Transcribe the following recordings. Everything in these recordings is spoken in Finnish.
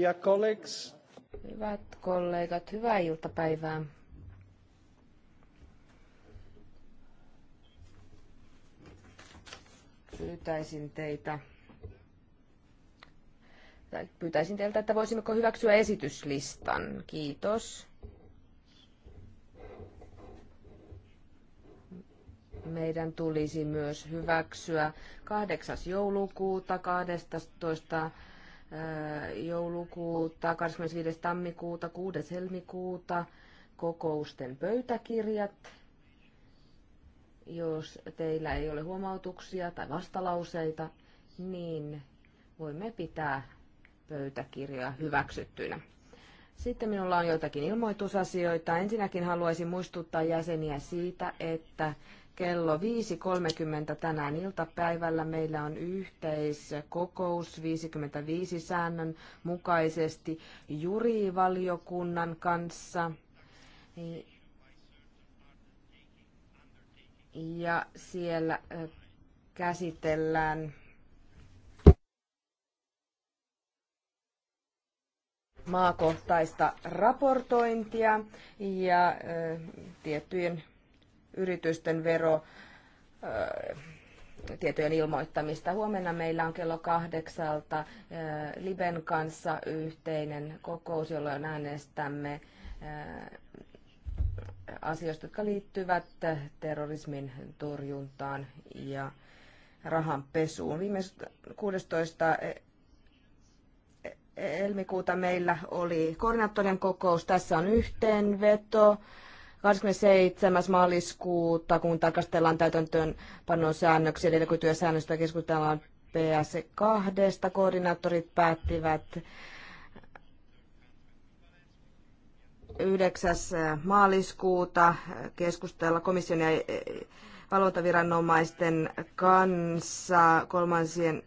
Dear colleagues. Hyvät kollegat, hyvää iltapäivää. Pyytäisin teitä pyytäisin teiltä, että voisimmeko hyväksyä esityslistan. Kiitos. meidän tulisi myös hyväksyä 8. joulukuuta, 12 joulukuuta, 25. tammikuuta, 6. helmikuuta kokousten pöytäkirjat. Jos teillä ei ole huomautuksia tai vastalauseita, niin voimme pitää pöytäkirjoja hyväksyttyinä. Sitten minulla on joitakin ilmoitusasioita. Ensinnäkin haluaisin muistuttaa jäseniä siitä, että kello 5.30 tänään iltapäivällä. Meillä on yhteiskokous 55 säännön mukaisesti jurivaliokunnan kanssa. Ja siellä käsitellään maakohtaista raportointia ja tiettyjen yritysten vero tietojen ilmoittamista. Huomenna meillä on kello kahdeksalta Liben kanssa yhteinen kokous, jolloin äänestämme asioista, jotka liittyvät terrorismin torjuntaan ja rahanpesuun. Viime 16. helmikuuta meillä oli koordinaattorien kokous. Tässä on yhteenveto. 27. maaliskuuta, kun tarkastellaan täytäntöönpanon säännöksiä, eli delegoituja keskustellaan PS2. Koordinaattorit päättivät 9. maaliskuuta keskustella komission ja valvontaviranomaisten kanssa kolmansien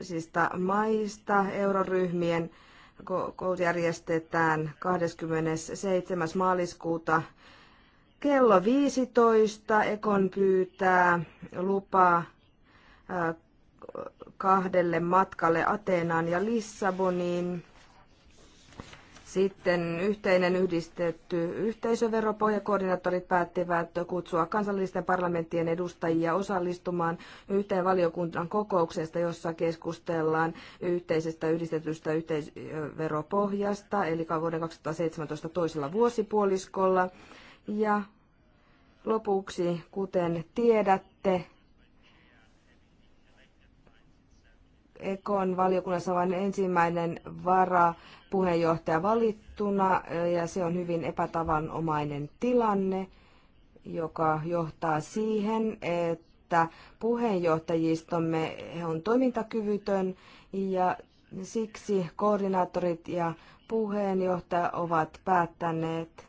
siis maista euroryhmien kokous järjestetään 27. maaliskuuta kello 15. Ekon pyytää lupaa äh, kahdelle matkalle Ateenaan ja Lissaboniin. Sitten yhteinen yhdistetty yhteisöveropohjakoordinaattorit päättivät kutsua kansallisten parlamenttien edustajia osallistumaan yhteen valiokunnan kokouksesta, jossa keskustellaan yhteisestä yhdistetystä yhteisöveropohjasta, eli vuoden 2017 toisella vuosipuoliskolla. Ja lopuksi, kuten tiedätte, Ekon valiokunnassa vain ensimmäinen vara puheenjohtaja valittuna ja se on hyvin epätavanomainen tilanne, joka johtaa siihen, että puheenjohtajistomme on toimintakyvytön ja siksi koordinaattorit ja puheenjohtaja ovat päättäneet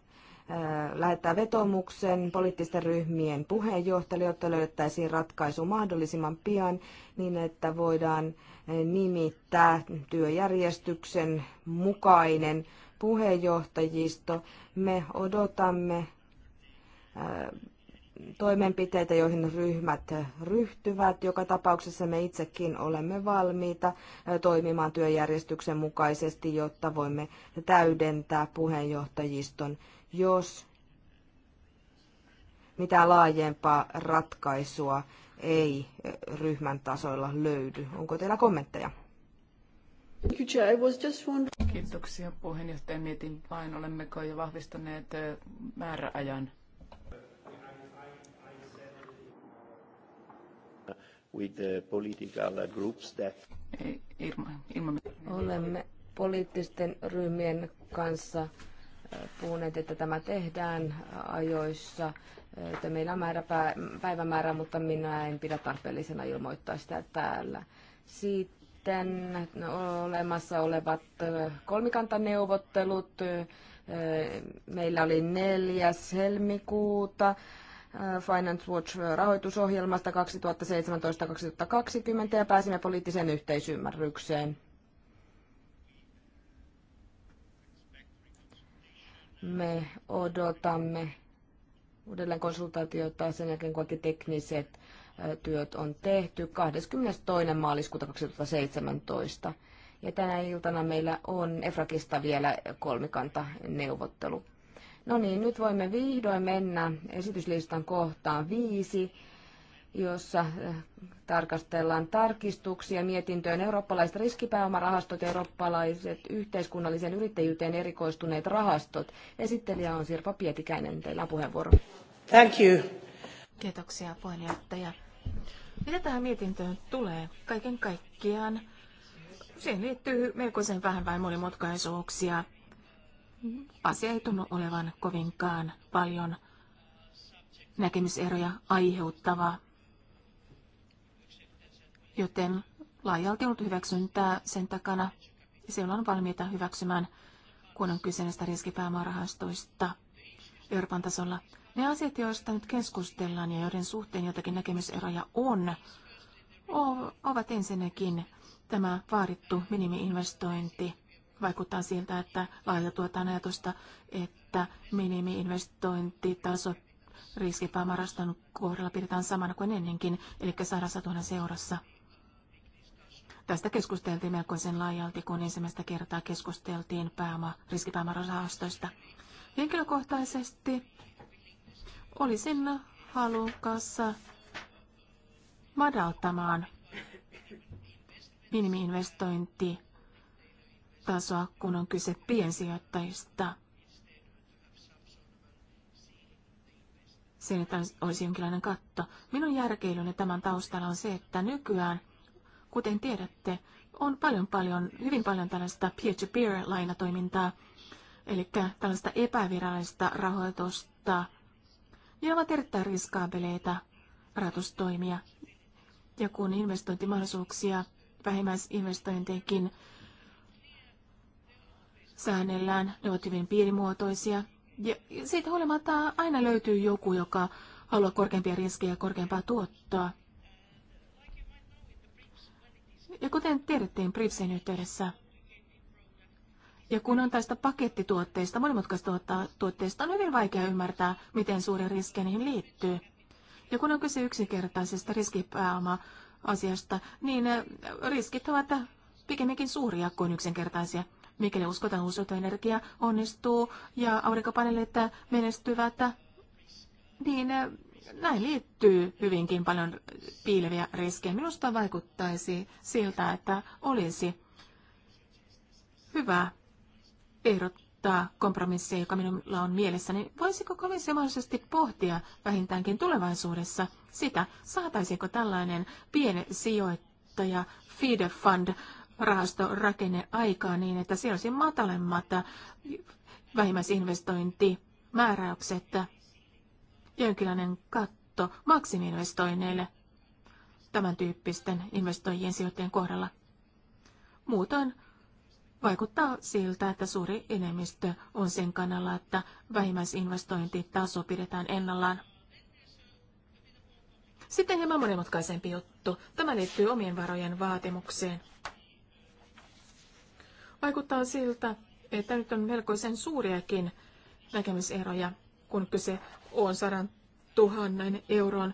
lähettää vetomuksen poliittisten ryhmien puheenjohtajille, jotta löydettäisiin ratkaisu mahdollisimman pian niin, että voidaan nimittää työjärjestyksen mukainen puheenjohtajisto. Me odotamme äh, toimenpiteitä, joihin ryhmät ryhtyvät. Joka tapauksessa me itsekin olemme valmiita äh, toimimaan työjärjestyksen mukaisesti, jotta voimme täydentää puheenjohtajiston, jos mitään laajempaa ratkaisua ei eh, ryhmän tasoilla löydy. Onko teillä kommentteja? Kiitoksia puheenjohtaja. Mietin vain, olemmeko jo vahvistaneet eh, määräajan. With the political groups that... Irma, ilma... Olemme poliittisten ryhmien kanssa eh, puhuneet, että tämä tehdään ajoissa että meillä on määrä päivämäärä, mutta minä en pidä tarpeellisena ilmoittaa sitä täällä. Sitten olemassa olevat äh, kolmikantaneuvottelut. Äh, meillä oli 4. helmikuuta äh, Finance Watch-rahoitusohjelmasta 2017-2020 ja pääsimme poliittiseen yhteisymmärrykseen. Me odotamme uudelleen konsultaatiota sen jälkeen, kun kaikki tekniset työt on tehty 22. maaliskuuta 2017. Ja tänä iltana meillä on Efrakista vielä kolmikanta neuvottelu. No niin, nyt voimme vihdoin mennä esityslistan kohtaan viisi jossa eh, tarkastellaan tarkistuksia mietintöön eurooppalaiset riskipääomarahastot ja eurooppalaiset yhteiskunnalliseen yrittäjyyteen erikoistuneet rahastot. Esittelijä on Sirpa Pietikäinen. Teillä on puheenvuoro. Thank you. Kiitoksia puheenjohtaja. Mitä tähän mietintöön tulee? Kaiken kaikkiaan siihen liittyy melkoisen vähän vain monimutkaisuuksia. Asia ei tunnu olevan kovinkaan paljon näkemyseroja aiheuttavaa joten laajalti ollut hyväksyntää sen takana. Siellä on valmiita hyväksymään, kun on kyse näistä riskipäämaarahastoista Euroopan tasolla. Ne asiat, joista nyt keskustellaan ja joiden suhteen jotakin näkemyseroja on, ovat ensinnäkin tämä vaadittu minimiinvestointi. Vaikuttaa siltä, että laajalta tuotaan ajatusta, että minimiinvestointitaso riskipääomaraston kohdalla pidetään samana kuin ennenkin, eli 100 000 seurassa. Tästä keskusteltiin melkoisen laajalti, kun ensimmäistä kertaa keskusteltiin pääoma, riskipääomarahastoista. Henkilökohtaisesti olisin halukas madaltamaan tasoa, kun on kyse piensijoittajista. Sen, että olisi jonkinlainen katto. Minun järkeilyni tämän taustalla on se, että nykyään – Kuten tiedätte, on paljon, paljon, hyvin paljon tällaista peer-to-peer-lainatoimintaa, eli tällaista epävirallista rahoitusta. Ne ovat erittäin riskaabeleita rahoitustoimia. Ja kun investointimahdollisuuksia vähimmäisinvestointeihin säännellään, ne ovat hyvin pienimuotoisia. Ja siitä huolimatta aina löytyy joku, joka haluaa korkeampia riskejä ja korkeampaa tuottoa. Ja kuten tiedettiin Briefsin yhteydessä, ja kun on tästä pakettituotteista, monimutkaisista tuotteista, on hyvin vaikea ymmärtää, miten suuri riski niihin liittyy. Ja kun on kyse yksinkertaisesta riskipääoma-asiasta, niin äh, riskit ovat pikemminkin suuria kuin yksinkertaisia. Mikäli uskotaan uusiutuva energia onnistuu ja aurinkopaneelit menestyvät, niin äh, näin liittyy hyvinkin paljon piileviä riskejä. Minusta vaikuttaisi siltä, että olisi hyvä ehdottaa kompromissia, joka minulla on mielessäni. Niin voisiko komissio mahdollisesti pohtia vähintäänkin tulevaisuudessa sitä, saataisiinko tällainen pieni sijoittaja feeder fund rahastorakenne aikaa niin, että siellä olisi matalemmat vähimmäisinvestointimääräykset jonkinlainen katto maksiminvestoinneille tämän tyyppisten investoijien sijoittajien kohdalla. Muutoin vaikuttaa siltä, että suuri enemmistö on sen kannalla, että vähimmäisinvestointitaso pidetään ennallaan. Sitten hieman monimutkaisempi juttu. Tämä liittyy omien varojen vaatimukseen. Vaikuttaa siltä, että nyt on melkoisen suuriakin näkemyseroja kun kyse on sadan tuhannen euron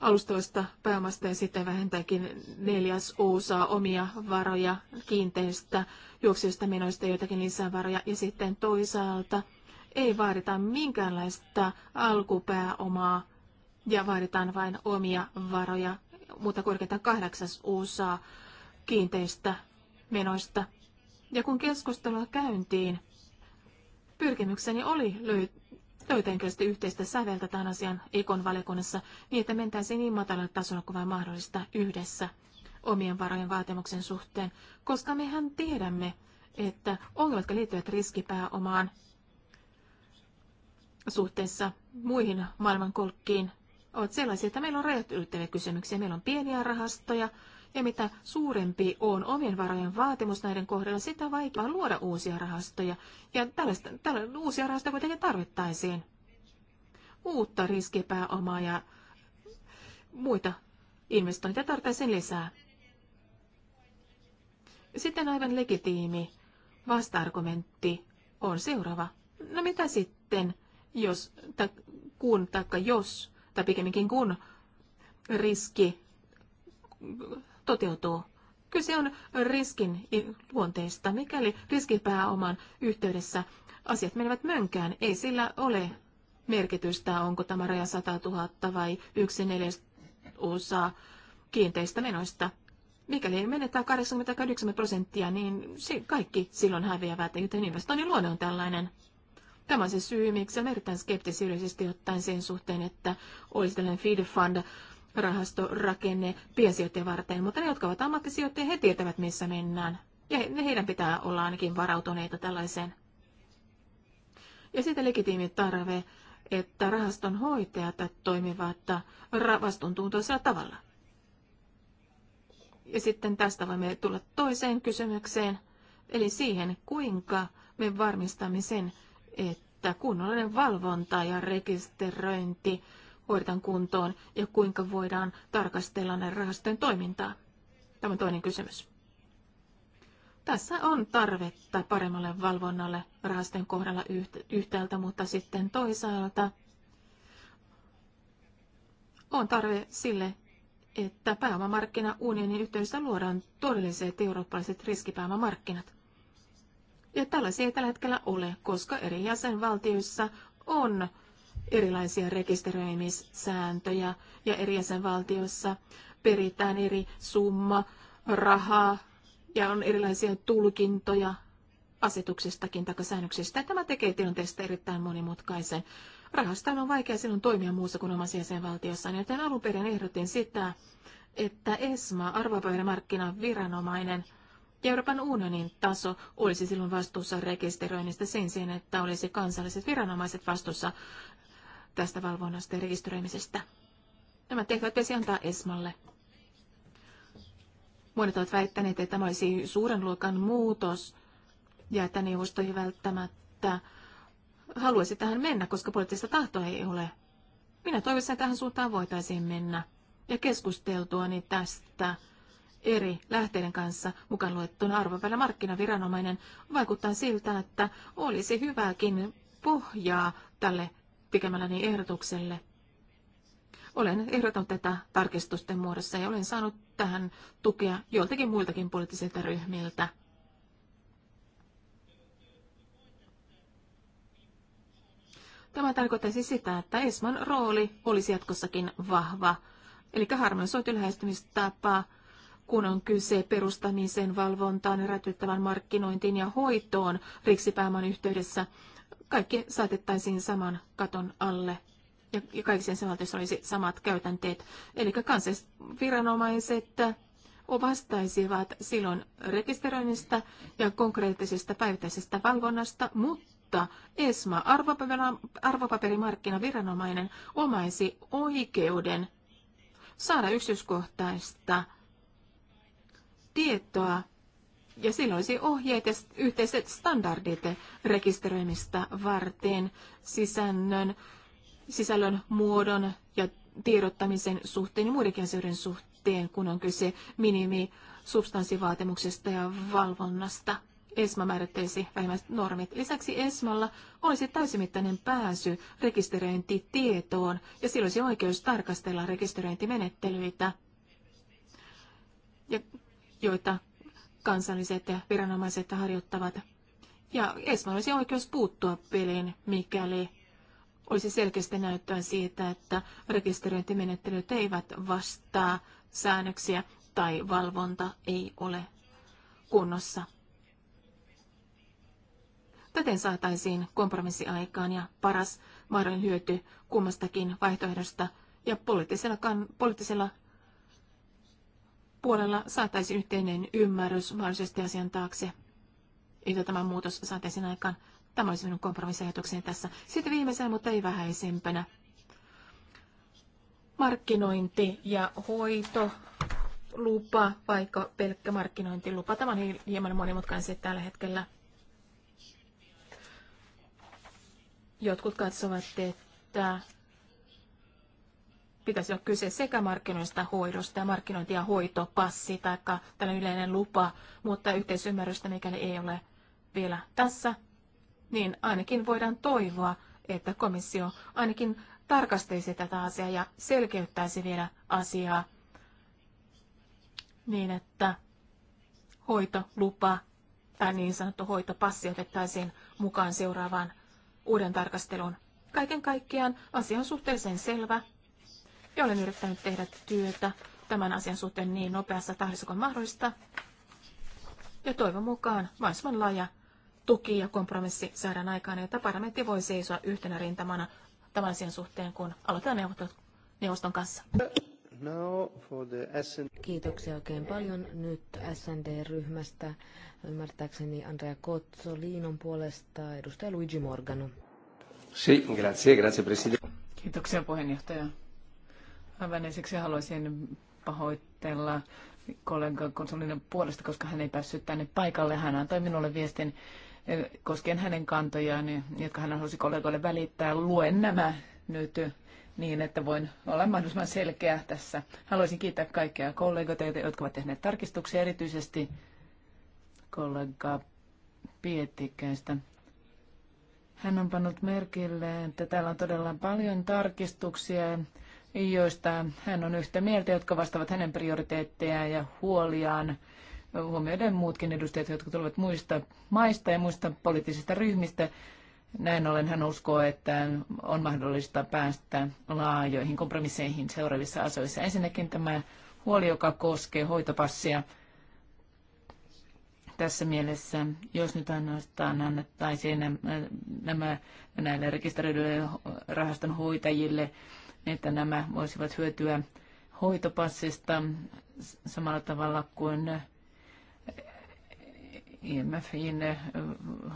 alustavasta pääomasta ja sitten vähentääkin neljäs osaa omia varoja kiinteistä juoksijoista menoista joitakin lisävaroja ja sitten toisaalta ei vaadita minkäänlaista alkupääomaa ja vaaditaan vain omia varoja, mutta korkeintaan kahdeksas osaa kiinteistä menoista. Ja kun keskustelua käyntiin, pyrkimykseni oli löytää löytäänkö sitten yhteistä säveltä tämän asian ekon valiokunnassa niin, että mentäisiin niin matalalle tasolla kuin vain mahdollista yhdessä omien varojen vaatimuksen suhteen, koska mehän tiedämme, että ongelmat, jotka liittyvät riskipääomaan suhteessa muihin maailmankolkkiin, ovat sellaisia, että meillä on rajat ylittäviä kysymyksiä. Meillä on pieniä rahastoja, ja mitä suurempi on omien varojen vaatimus näiden kohdalla, sitä vaikeaa luoda uusia rahastoja. Ja tällaista, tällaista uusia rahastoja kuitenkin tarvittaisiin. Uutta riskipääomaa ja muita investointeja tarvittaisiin lisää. Sitten aivan legitiimi vasta-argumentti on seuraava. No mitä sitten, jos, ta, kun, taikka jos, tai pikemminkin kun riski toteutuu. Kyse on riskin luonteesta. Mikäli riskipääoman yhteydessä asiat menevät mönkään, ei sillä ole merkitystä, onko tämä raja 100 000 vai yksi neljäsosa kiinteistä menoista. Mikäli menetään 88 prosenttia, niin kaikki silloin häviävät, joten investoinnin luonne on tällainen. Tämä on se syy, miksi olen erittäin skeptisesti ottaen sen suhteen, että olisi tällainen feed fund rahastorakenne piensijoittajia varten, mutta ne, jotka ovat ammattisijoittajia, he tietävät, missä mennään. Ja he, heidän pitää olla ainakin varautuneita tällaiseen. Ja sitten legitiimi tarve, että rahaston hoitajat toimivat vastuuntuntoisella tavalla. Ja sitten tästä voimme tulla toiseen kysymykseen, eli siihen, kuinka me varmistamme sen, että kunnollinen valvonta ja rekisteröinti hoidetaan kuntoon ja kuinka voidaan tarkastella näiden rahastojen toimintaa? Tämä on toinen kysymys. Tässä on tarvetta paremmalle valvonnalle rahastojen kohdalla yhtäältä, mutta sitten toisaalta on tarve sille, että pääomamarkkinaunionin yhteydessä luodaan todelliset eurooppalaiset riskipääomamarkkinat. Ja tällaisia ei tällä hetkellä ole, koska eri jäsenvaltioissa on erilaisia rekisteröimissääntöjä ja eri jäsenvaltioissa peritään eri summa rahaa ja on erilaisia tulkintoja asetuksestakin tai säännöksistä. Tämä tekee tilanteesta erittäin monimutkaisen. Rahasta on vaikea silloin toimia muussa kuin omassa jäsenvaltiossa, joten alun perin ehdotin sitä, että ESMA, arvopapermarkkinan viranomainen, ja Euroopan unionin taso olisi silloin vastuussa rekisteröinnistä sen sijaan, että olisi kansalliset viranomaiset vastuussa tästä valvonnasta ja rekisteröimisestä. Nämä tehtävät pitäisi antaa Esmalle. Monet ovat väittäneet, että tämä olisi suuren luokan muutos ja että neuvosto ei välttämättä haluaisi tähän mennä, koska poliittista tahtoa ei ole. Minä toivoisin, että tähän suuntaan voitaisiin mennä ja keskusteltuani tästä eri lähteiden kanssa mukaan luettuna markkinaviranomainen vaikuttaa siltä, että olisi hyvääkin pohjaa tälle tekemälläni ehdotukselle. Olen ehdottanut tätä tarkistusten muodossa ja olen saanut tähän tukea joiltakin muiltakin poliittisilta ryhmiltä. Tämä tarkoittaisi sitä, että ESMAn rooli olisi jatkossakin vahva, eli harmonisoitu lähestymistapa, kun on kyse perustamiseen, valvontaan, rätyttävän markkinointiin ja hoitoon riksipääoman yhteydessä – kaikki saatettaisiin saman katon alle ja, ja kaikissa jäsenvaltioissa olisi samat käytänteet. Eli kansallisviranomaiset viranomaiset vastaisivat silloin rekisteröinnistä ja konkreettisesta päivittäisestä valvonnasta, mutta ESMA, arvopaperimarkkinaviranomainen, omaisi oikeuden saada yksityiskohtaista tietoa ja silloin olisi ohjeet ja yhteiset standardit rekisteröimistä varten sisännön, sisällön muodon ja tiedottamisen suhteen ja muidenkin asioiden suhteen, kun on kyse minimi substanssivaatimuksesta ja valvonnasta. ESMA määrittäisi vähimmäiset normit. Lisäksi ESMalla olisi täysimittainen pääsy rekisteröintitietoon ja silloin olisi oikeus tarkastella rekisteröintimenettelyitä, ja joita kansalliset viranomaiset harjoittavat. Ja Espanjalla olisi oikeus puuttua peliin, mikäli olisi selkeästi näyttöä siitä, että rekisteröintimenettelyt eivät vastaa säännöksiä tai valvonta ei ole kunnossa. Täten saataisiin kompromissi aikaan ja paras mahdollinen hyöty kummastakin vaihtoehdosta ja poliittisella, kan, poliittisella puolella saataisiin yhteinen ymmärrys mahdollisesti asian taakse, että tämä muutos saataisiin aikaan. Tämä olisi minun kompromissiajatukseni tässä. Sitten viimeisenä, mutta ei vähäisempänä. Markkinointi ja hoito lupa, vaikka pelkkä markkinointilupa. Tämä on hieman monimutkainen tällä hetkellä. Jotkut katsovat, että pitäisi olla kyse sekä markkinoista hoidosta ja markkinointi- ja hoitopassi tai tällainen yleinen lupa, mutta yhteisymmärrystä, mikäli ei ole vielä tässä, niin ainakin voidaan toivoa, että komissio ainakin tarkastaisi tätä asiaa ja selkeyttäisi vielä asiaa niin, että hoitolupa tai niin sanottu hoitopassi otettaisiin mukaan seuraavaan uuden tarkastelun. Kaiken kaikkiaan asia on suhteellisen selvä ja olen yrittänyt tehdä työtä tämän asian suhteen niin nopeassa tahdissa kuin mahdollista. Ja toivon mukaan mahdollisimman laaja tuki ja kompromissi saadaan aikaan, että parlamentti voi seisoa yhtenä rintamana tämän asian suhteen, kun aloitetaan neuvottelut neuvoston kanssa. Kiitoksia oikein paljon nyt SND-ryhmästä. Ymmärtääkseni Andrea Liinon puolesta edustaja Luigi Morgano. Sì, grazie, grazie Presidente. Kiitoksia puheenjohtaja. Aivan ensiksi haluaisin pahoitella kollega konsulinen puolesta, koska hän ei päässyt tänne paikalle. Hän antoi minulle viestin eh, koskien hänen kantojaan, jotka hän halusi kollegoille välittää. Luen nämä nyt eh, niin, että voin olla mahdollisimman selkeä tässä. Haluaisin kiittää kaikkia kollegoita, jotka ovat tehneet tarkistuksia, erityisesti kollega Pietikäistä. Hän on pannut merkille, että täällä on todella paljon tarkistuksia joista hän on yhtä mieltä, jotka vastaavat hänen prioriteettejaan ja huoliaan huomioiden muutkin edustajat, jotka tulevat muista maista ja muista poliittisista ryhmistä. Näin ollen hän uskoo, että on mahdollista päästä laajoihin kompromisseihin seuraavissa asioissa. Ensinnäkin tämä huoli, joka koskee hoitopassia tässä mielessä, jos nyt ainoastaan annettaisiin nämä näille rekisteröidyille rahaston hoitajille että nämä voisivat hyötyä hoitopassista samalla tavalla kuin IMFin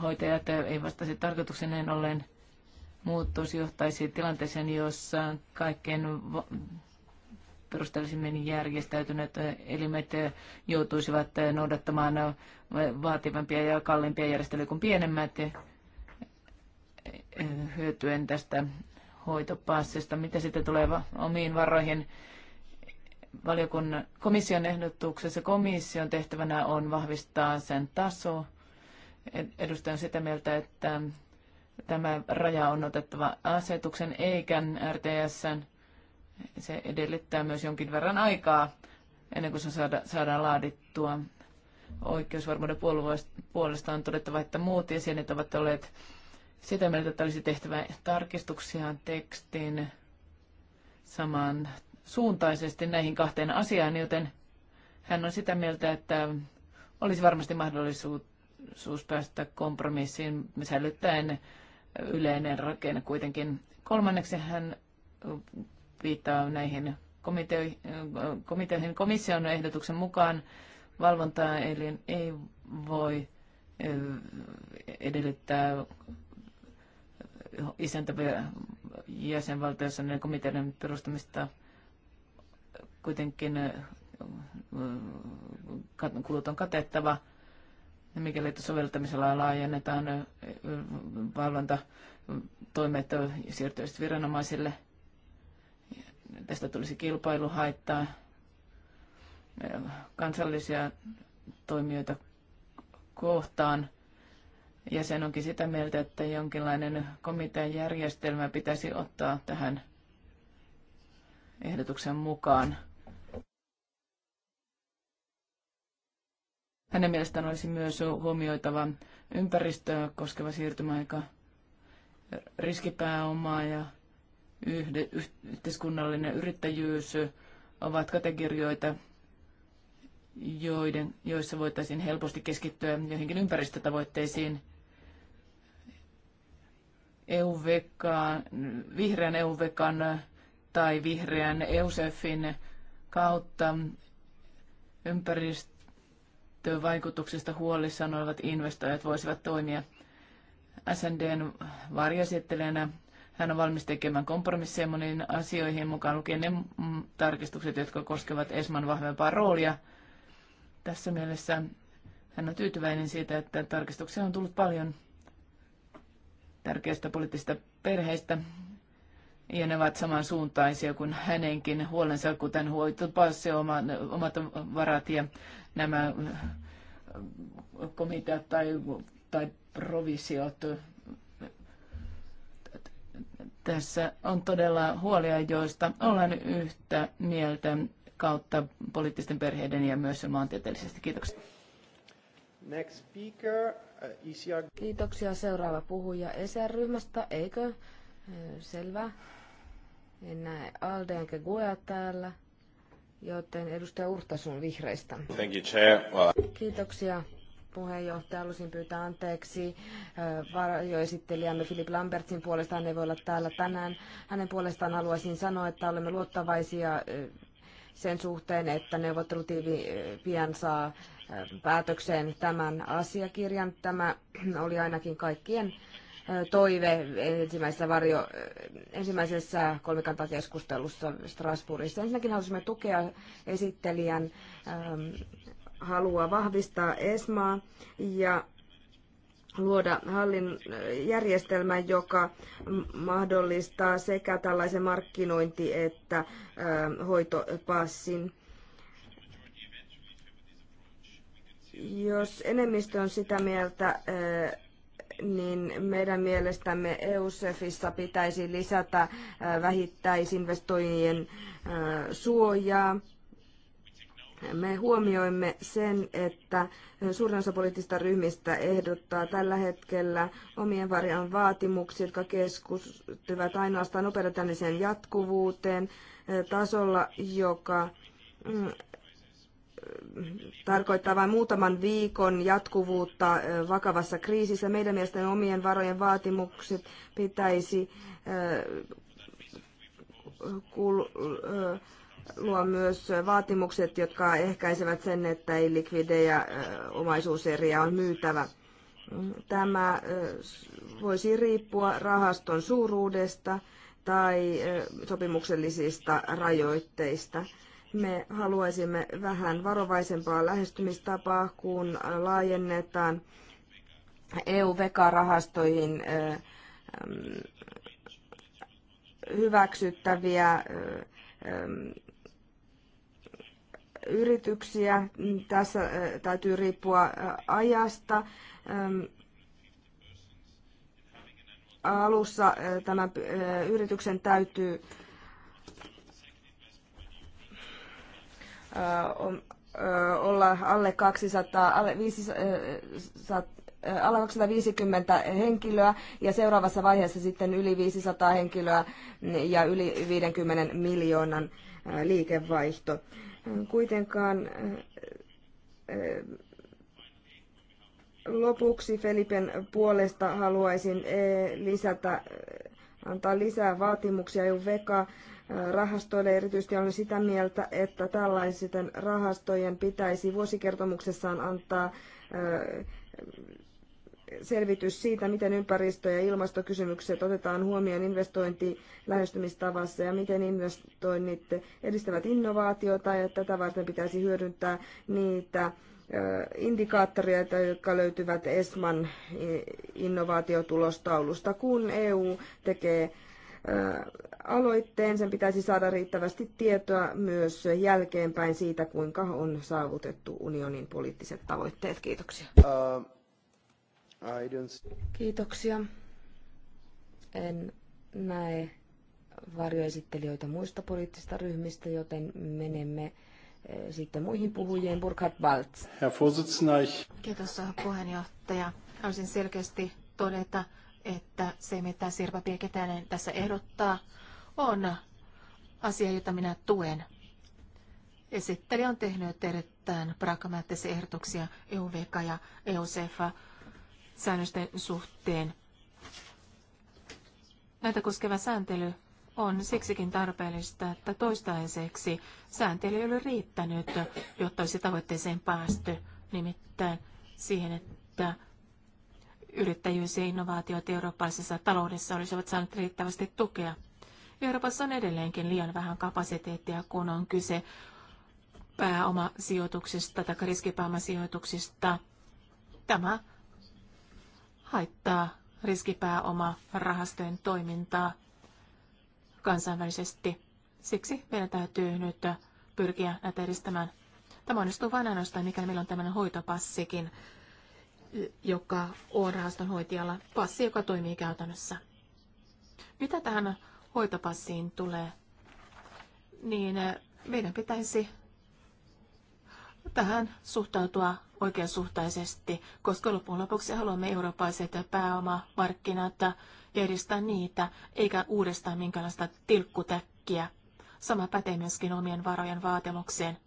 hoitajat ei vastaisi tarkoituksen ollen. Muutos johtaisi tilanteeseen, jossa kaikkein perusteellisimmin järjestäytyneet elimet joutuisivat noudattamaan vaativampia ja kalliimpia järjestelyjä kuin pienemmät, hyötyen tästä hoitopassista. Mitä sitten tulee omiin varoihin? Valiokunnan komission ehdotuksessa komission tehtävänä on vahvistaa sen taso. Edustan sitä mieltä, että tämä raja on otettava asetuksen eikä RTS. Se edellyttää myös jonkin verran aikaa ennen kuin se saada, saadaan laadittua. Oikeusvarmuuden puolesta on todettava, että muut jäsenet ovat olleet sitä mieltä, että olisi tehtävä tarkistuksia tekstin samaan suuntaisesti näihin kahteen asiaan, joten hän on sitä mieltä, että olisi varmasti mahdollisuus päästä kompromissiin säilyttäen yleinen rakenne kuitenkin. Kolmanneksi hän viittaa näihin komiteoihin komission ehdotuksen mukaan valvontaa, eli ei voi edellyttää isäntäviä jäsenvaltioissa niin komiteiden perustamista kuitenkin äh, äh, kulut on katettava. Ja mikäli soveltamisella laajennetaan äh, valvontatoimet siirtyisivät viranomaisille, tästä tulisi kilpailuhaittaa. Kansallisia toimijoita kohtaan – jäsen onkin sitä mieltä, että jonkinlainen komitean järjestelmä pitäisi ottaa tähän ehdotuksen mukaan. Hänen mielestään olisi myös huomioitava ympäristöä koskeva siirtymäaika, riskipääomaa ja yhde, yhteiskunnallinen yrittäjyys ovat kategorioita, joiden, joissa voitaisiin helposti keskittyä joihinkin ympäristötavoitteisiin EUVEKan, vihreän EUVEKan tai vihreän EUSEFin kautta ympäristövaikutuksista huolissaan olevat investoijat voisivat toimia SNDn varjasettelijänä. Hän on valmis tekemään kompromisseja moniin asioihin, mukaan lukien ne tarkistukset, jotka koskevat ESMAn vahvempaa roolia. Tässä mielessä hän on tyytyväinen siitä, että tarkistuksia on tullut paljon tärkeistä poliittisista perheistä. Ja ne ovat samansuuntaisia kuin hänenkin huolensa, kuten huoitopassi, omat varat ja nämä äh, komiteat tai, tai provisiot. Tässä on todella huolia, joista ollaan yhtä mieltä kautta poliittisten perheiden ja myös maantieteellisesti. Kiitoksia. Next speaker. Kiitoksia. Seuraava puhuja ESR-ryhmästä, eikö? Selvä. En näe Alde enkä Guea täällä, joten edustaja Urtasun vihreistä. Thank you, chair. Kiitoksia puheenjohtaja. Haluaisin pyytää anteeksi varjoesittelijämme Filip Lambertsin puolesta. Hän ei voi olla täällä tänään. Hänen puolestaan haluaisin sanoa, että olemme luottavaisia sen suhteen, että neuvottelutiivi pian saa päätökseen tämän asiakirjan. Tämä oli ainakin kaikkien toive ensimmäisessä, varjo, ensimmäisessä kolmikantakeskustelussa Strasbourgissa. Ensinnäkin halusimme tukea esittelijän halua vahvistaa ESMAa ja luoda hallin järjestelmä, joka mahdollistaa sekä tällaisen markkinointi- että hoitopassin. Jos enemmistö on sitä mieltä, eh, niin meidän mielestämme EUSEFissa pitäisi lisätä eh, vähittäisinvestoijien eh, suojaa. Me huomioimme sen, että suurin osa poliittista ryhmistä ehdottaa tällä hetkellä omien varjan vaatimuksia, jotka keskustyvät ainoastaan operatiiviseen jatkuvuuteen tasolla, joka mm, tarkoittaa vain muutaman viikon jatkuvuutta vakavassa kriisissä. Meidän mielestämme omien varojen vaatimukset pitäisi luo myös vaatimukset, jotka ehkäisevät sen, että ei likvidejä omaisuuseriä on myytävä. Tämä voisi riippua rahaston suuruudesta tai sopimuksellisista rajoitteista me haluaisimme vähän varovaisempaa lähestymistapaa, kun laajennetaan EU-vekarahastoihin hyväksyttäviä yrityksiä. Tässä täytyy riippua ajasta. Alussa tämän yrityksen täytyy olla alle 200, alle 500, alle 250 henkilöä ja seuraavassa vaiheessa sitten yli 500 henkilöä ja yli 50 miljoonan liikevaihto. Kuitenkaan lopuksi Felipen puolesta haluaisin lisätä antaa lisää vaatimuksia EU rahastoille. Erityisesti olen sitä mieltä, että tällaisten rahastojen pitäisi vuosikertomuksessaan antaa selvitys siitä, miten ympäristö- ja ilmastokysymykset otetaan huomioon investointilähestymistavassa ja miten investoinnit edistävät innovaatiota ja tätä varten pitäisi hyödyntää niitä indikaattoreita, jotka löytyvät ESMAn innovaatiotulostaulusta, kun EU tekee aloitteen. Sen pitäisi saada riittävästi tietoa myös jälkeenpäin siitä, kuinka on saavutettu unionin poliittiset tavoitteet. Kiitoksia. Uh, Kiitoksia. En näe varjoesittelijöitä muista poliittisista ryhmistä, joten menemme eh, sitten muihin puhujien. Burkhard Waltz. Kiitos puheenjohtaja. Haluaisin selkeästi todeta, että se, mitä Sirpa Piekitäinen tässä ehdottaa, on asia, jota minä tuen. Esittelijä on tehnyt erittäin pragmaattisia ehdotuksia EUVK ja EUCFA säännösten suhteen. Näitä koskeva sääntely on siksikin tarpeellista, että toistaiseksi sääntely ei ole riittänyt, jotta olisi tavoitteeseen päästy, nimittäin siihen, että yrittäjyys ja innovaatiot eurooppalaisessa taloudessa olisivat saaneet riittävästi tukea. Euroopassa on edelleenkin liian vähän kapasiteettia, kun on kyse pääomasijoituksista tai riskipääomasijoituksista. Tämä haittaa riskipääomarahastojen toimintaa kansainvälisesti. Siksi meidän täytyy nyt pyrkiä näitä edistämään. Tämä onnistuu vain ainoastaan, mikäli meillä on tämmöinen hoitopassikin joka on rahastonhoitajalla, passi, joka toimii käytännössä. Mitä tähän hoitopassiin tulee, niin eh, meidän pitäisi tähän suhtautua oikeasuhtaisesti, koska lopun lopuksi haluamme eurooppalaiset pääomamarkkinat järjestää niitä, eikä uudestaan minkäänlaista tilkkutäkkiä. Sama pätee myöskin omien varojen vaatimukseen.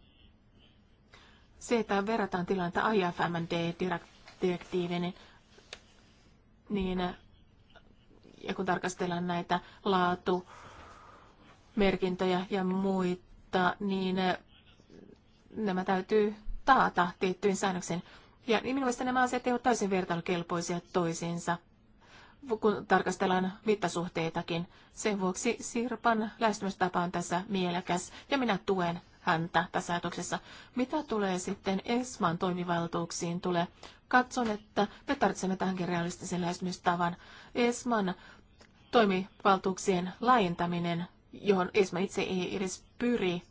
Se, että verrataan tilannetta IFMD direktiivi, niin, niin ja kun tarkastellaan näitä laatu, merkintöjä ja muita, niin nämä täytyy taata tiettyyn säännöksen. Ja minun mielestä nämä asiat eivät ole täysin vertailukelpoisia toisiinsa, kun tarkastellaan mittasuhteitakin. Sen vuoksi Sirpan lähestymistapa on tässä mielekäs ja minä tuen häntä tässä ajatuksessa. Mitä tulee sitten ESMAn toimivaltuuksiin tulee? Katson, että me tarvitsemme tähänkin realistisen lähestymistavan. ESMAn toimivaltuuksien laajentaminen, johon ESMA itse ei edes pyri,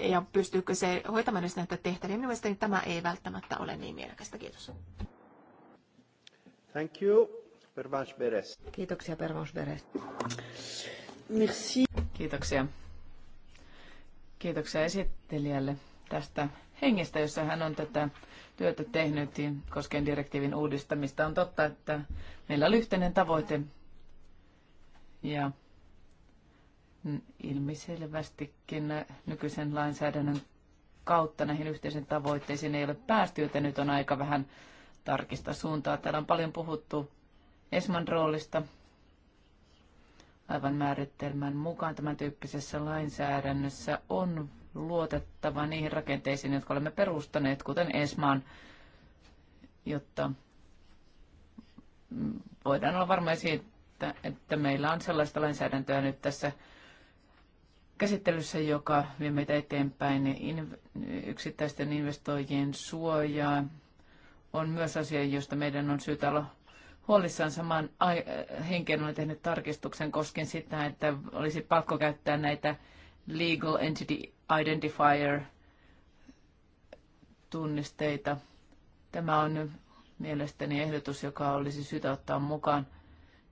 ja pystyykö se hoitamaan edes näitä tehtäviä. Minun mielestäni tämä ei välttämättä ole niin mielekästä. Kiitos. Thank you. Pervans Beres. Kiitoksia, Pervans Beres. Merci. Kiitoksia. Kiitoksia esittelijälle tästä hengestä, jossa hän on tätä työtä tehnyt koskien direktiivin uudistamista. On totta, että meillä oli yhteinen tavoite ja ilmiselvästikin nykyisen lainsäädännön kautta näihin yhteisen tavoitteisiin ei ole päästy, joten nyt on aika vähän tarkista suuntaa. Täällä on paljon puhuttu Esman roolista aivan määritelmän mukaan tämän tyyppisessä lainsäädännössä on luotettava niihin rakenteisiin, jotka olemme perustaneet, kuten ESMAan, jotta voidaan olla varmoja siitä, että meillä on sellaista lainsäädäntöä nyt tässä käsittelyssä, joka vie meitä eteenpäin. Yksittäisten investoijien suojaa on myös asia, josta meidän on syytä olla huolissaan samaan äh, henkeen olen tehnyt tarkistuksen koskien sitä, että olisi pakko käyttää näitä legal entity identifier tunnisteita. Tämä on mielestäni ehdotus, joka olisi syytä ottaa mukaan.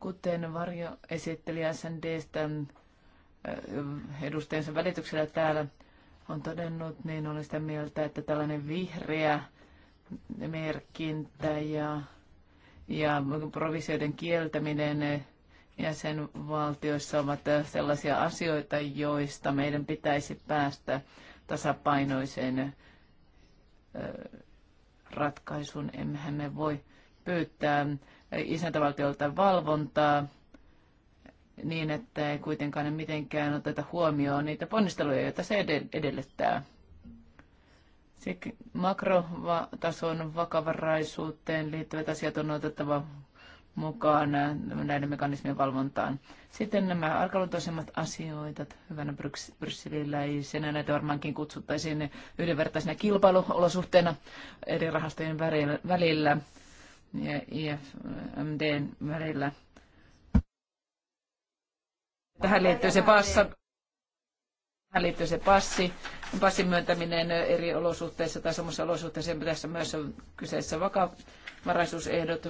Kuten Varjo esitteli SNDstä äh, edustajansa välityksellä täällä on todennut, niin olen sitä mieltä, että tällainen vihreä merkintä ja ja provisioiden kieltäminen jäsenvaltioissa ovat sellaisia asioita, joista meidän pitäisi päästä tasapainoiseen ratkaisuun. Emmehän me voi pyytää isäntävaltiolta valvontaa niin, että ei kuitenkaan mitenkään oteta huomioon niitä ponnisteluja, joita se edellyttää makrotason vakavaraisuuteen liittyvät asiat on otettava mukaan näiden mekanismien valvontaan. Sitten nämä arkaluontoisemmat asioita hyvänä brysseliläisenä, näitä varmaankin kutsuttaisiin yhdenvertaisina kilpailuolosuhteena eri rahastojen välillä ja IFMDn välillä. Tähän liittyy se passa Tähän liittyy se passi. Passin myöntäminen eri olosuhteissa tai samassa olosuhteessa tässä myös on kyseessä vakavaraisuusehdot.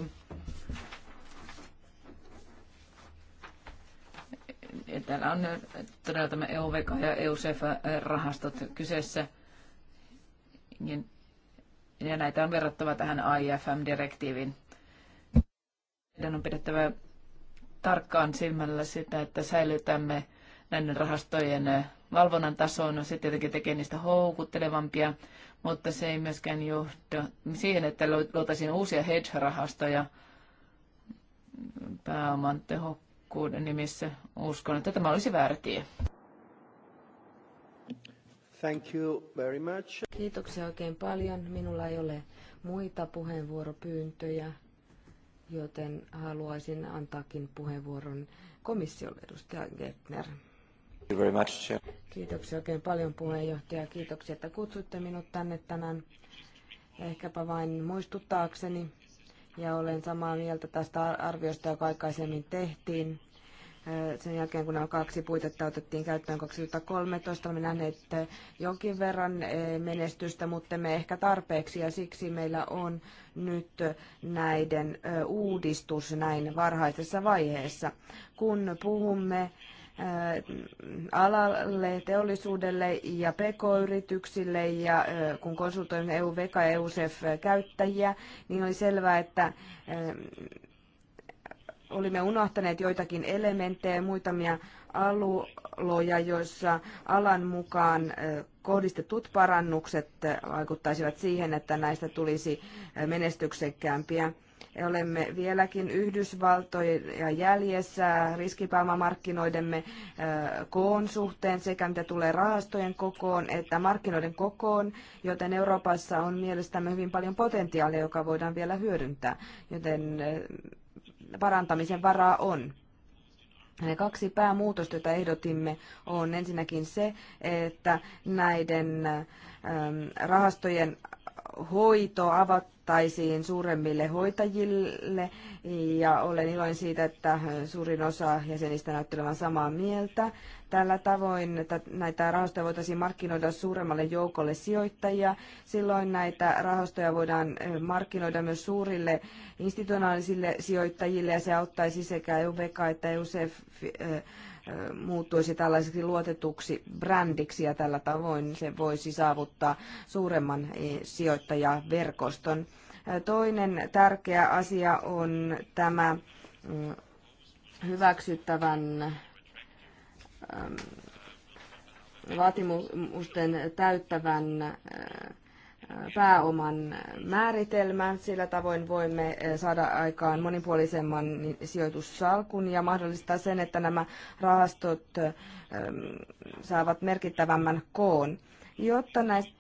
Täällä on todella tämä EUVK ja eusef rahastot kyseessä. Ja näitä on verrattava tähän IFM-direktiiviin. Meidän on pidettävä tarkkaan silmällä sitä, että säilytämme näiden rahastojen valvonnan tasoon, se tietenkin tekee niistä houkuttelevampia, mutta se ei myöskään johda siihen, että luotaisiin uusia hedge-rahastoja pääoman tehokkuuden nimissä. Uskon, että tämä olisi väärä tie. Thank you very much. Kiitoksia oikein paljon. Minulla ei ole muita puheenvuoropyyntöjä, joten haluaisin antaakin puheenvuoron komissiolle edustaja Gettner. Kiitoksia oikein paljon puheenjohtaja. Kiitoksia, että kutsuitte minut tänne tänään. Ehkäpä vain muistuttaakseni, ja olen samaa mieltä tästä arviosta, joka aikaisemmin tehtiin. Sen jälkeen, kun nämä kaksi puitetta otettiin käyttöön 2013, olemme nähneet jonkin verran e, menestystä, mutta me ehkä tarpeeksi ja siksi meillä on nyt näiden uudistus näin varhaisessa vaiheessa. Kun puhumme alalle, teollisuudelle ja pk-yrityksille ja kun konsultoin EU-VEKA ja EUSEF-käyttäjiä, niin oli selvää, että olimme unohtaneet joitakin elementtejä, muutamia aluloja, joissa alan mukaan kohdistetut parannukset vaikuttaisivat siihen, että näistä tulisi menestyksekkäämpiä. Olemme vieläkin Yhdysvaltoja jäljessä riskipääomamarkkinoidemme äh, koon suhteen sekä mitä tulee rahastojen kokoon että markkinoiden kokoon, joten Euroopassa on mielestämme hyvin paljon potentiaalia, joka voidaan vielä hyödyntää, joten äh, parantamisen varaa on. Ne kaksi päämuutosta, joita ehdotimme, on ensinnäkin se, että näiden ähm, rahastojen hoito avattaisiin suuremmille hoitajille ja olen iloinen siitä, että suurin osa jäsenistä näyttää olevan samaa mieltä. Tällä tavoin että näitä rahastoja voitaisiin markkinoida suuremmalle joukolle sijoittajia. Silloin näitä rahastoja voidaan eh, markkinoida myös suurille institutionaalisille sijoittajille ja se auttaisi sekä EUVK että EUSEF muuttuisi tällaiseksi luotetuksi brändiksi ja tällä tavoin se voisi saavuttaa suuremman eh, sijoittajaverkoston. Toinen tärkeä asia on tämä mm, hyväksyttävän vaatimusten täyttävän pääoman määritelmän. Sillä tavoin voimme eh, saada aikaan monipuolisemman sijoitussalkun ja mahdollistaa sen, että nämä rahastot eh, saavat merkittävämmän koon. Jotta näistä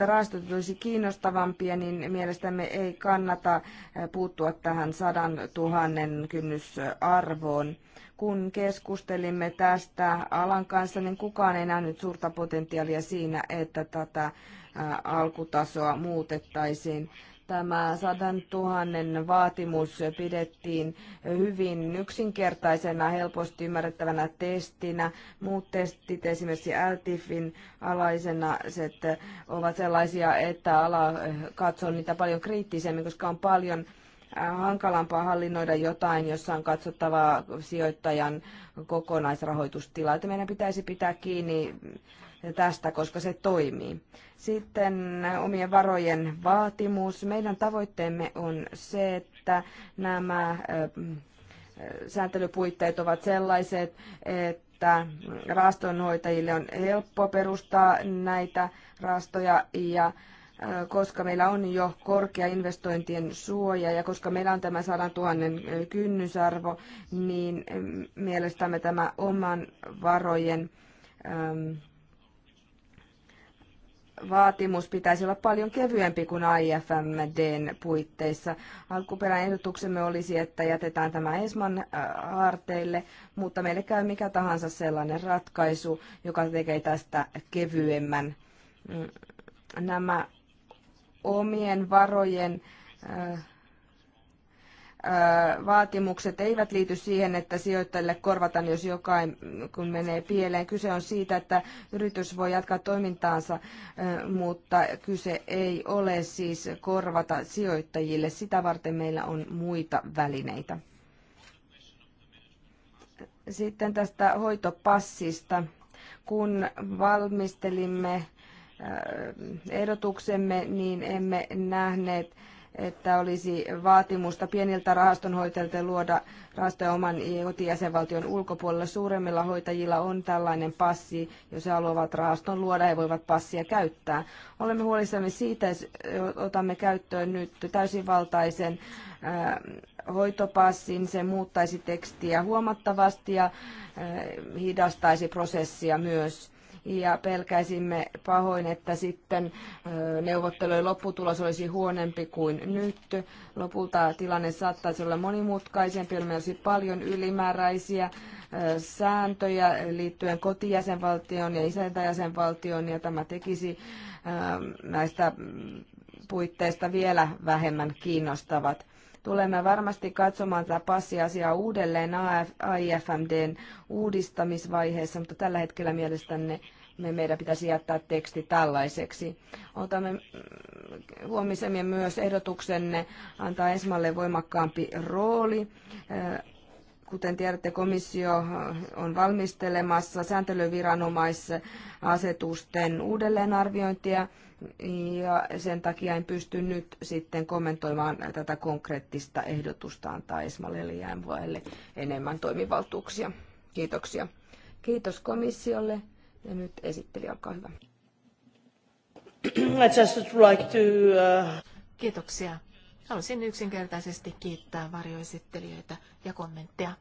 rahastot olisi kiinnostavampia, niin mielestämme ei kannata eh, puuttua tähän sadan tuhannen kynnysarvoon. Kun keskustelimme tästä alan kanssa, niin kukaan ei nähnyt suurta potentiaalia siinä, että tätä alkutasoa muutettaisiin. Tämä 100 000 vaatimus pidettiin hyvin yksinkertaisena, helposti ymmärrettävänä testinä. Muut testit, esimerkiksi LTIFin alaisena, ovat sellaisia, että ala katsoo niitä paljon kriittisemmin, koska on paljon hankalampaa hallinnoida jotain, jossa on katsottava sijoittajan kokonaisrahoitustila. meidän pitäisi pitää kiinni tästä, koska se toimii. Sitten omien varojen vaatimus. Meidän tavoitteemme on se, että nämä sääntelypuitteet ovat sellaiset, että rahastonhoitajille on helppo perustaa näitä raastoja ja koska meillä on jo korkea investointien suoja ja koska meillä on tämä 100 000 kynnysarvo, niin mielestämme tämä oman varojen vaatimus pitäisi olla paljon kevyempi kuin IFMDn puitteissa. Alkuperäinen ehdotuksemme olisi, että jätetään tämä ESMAn äh, harteille, mutta meille käy mikä tahansa sellainen ratkaisu, joka tekee tästä kevyemmän. Mm, nämä omien varojen äh, vaatimukset eivät liity siihen, että sijoittajille korvataan, jos jokain kun menee pieleen. Kyse on siitä, että yritys voi jatkaa toimintaansa, mutta kyse ei ole siis korvata sijoittajille. Sitä varten meillä on muita välineitä. Sitten tästä hoitopassista. Kun valmistelimme ehdotuksemme, niin emme nähneet että olisi vaatimusta pieniltä rahastonhoitajilta luoda rahastoja oman kotijäsenvaltion ulkopuolella. Suuremmilla hoitajilla on tällainen passi, jos he haluavat rahaston luoda, he voivat passia käyttää. Olemme huolissamme siitä, jos otamme käyttöön nyt täysivaltaisen äh, hoitopassin, se muuttaisi tekstiä huomattavasti ja äh, hidastaisi prosessia myös ja pelkäisimme pahoin, että sitten neuvottelujen lopputulos olisi huonempi kuin nyt. Lopulta tilanne saattaisi olla monimutkaisempi, meillä olisi paljon ylimääräisiä sääntöjä liittyen kotijäsenvaltioon ja isäntäjäsenvaltioon ja tämä tekisi näistä puitteista vielä vähemmän kiinnostavat. Tulemme varmasti katsomaan tätä passiasiaa uudelleen AIFMDn uudistamisvaiheessa, mutta tällä hetkellä mielestäni me meidän pitäisi jättää teksti tällaiseksi. Otamme huomisemme myös ehdotuksenne antaa Esmalle voimakkaampi rooli. Äh, kuten tiedätte, komissio on valmistelemassa sääntelyviranomaisasetusten uudelleenarviointia ja sen takia en pysty nyt sitten kommentoimaan tätä konkreettista ehdotusta antaa Esmalle eli enemmän toimivaltuuksia. Kiitoksia. Kiitos komissiolle. Ja nyt esitteli, olkaa hyvä. I just like to, uh... Kiitoksia. Haluaisin yksinkertaisesti kiittää varjoesittelijöitä ja kommentteja,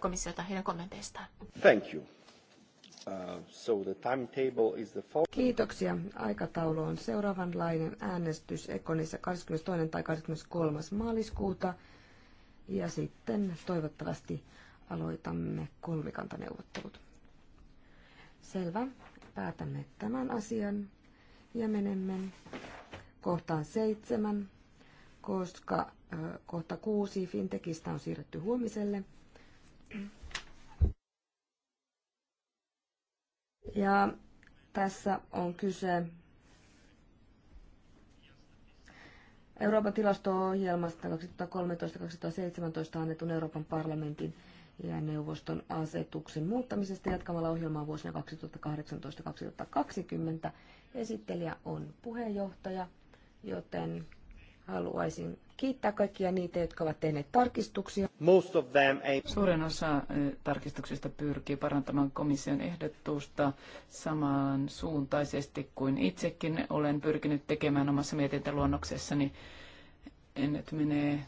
komissiota heidän kommenteistaan. Thank you. Uh, so the timetable is the Kiitoksia. Aikataulu on seuraavanlainen äänestys Ekonissa 22. tai 23. maaliskuuta. Ja sitten toivottavasti aloitamme kolmikantaneuvottelut. Selvä. Päätämme tämän asian ja menemme kohtaan seitsemän, koska kohta kuusi Fintechistä on siirretty huomiselle. Ja tässä on kyse Euroopan tilasto-ohjelmasta 2013-2017 annetun Euroopan parlamentin ja neuvoston asetuksen muuttamisesta jatkamalla ohjelmaa vuosina 2018-2020. Esittelijä on puheenjohtaja, joten haluaisin kiittää kaikkia niitä, jotka ovat tehneet tarkistuksia. Most of them Suurin osa eh, tarkistuksista pyrkii parantamaan komission ehdotusta samaan suuntaisesti kuin itsekin olen pyrkinyt tekemään omassa mietintäluonnoksessani. En nyt mene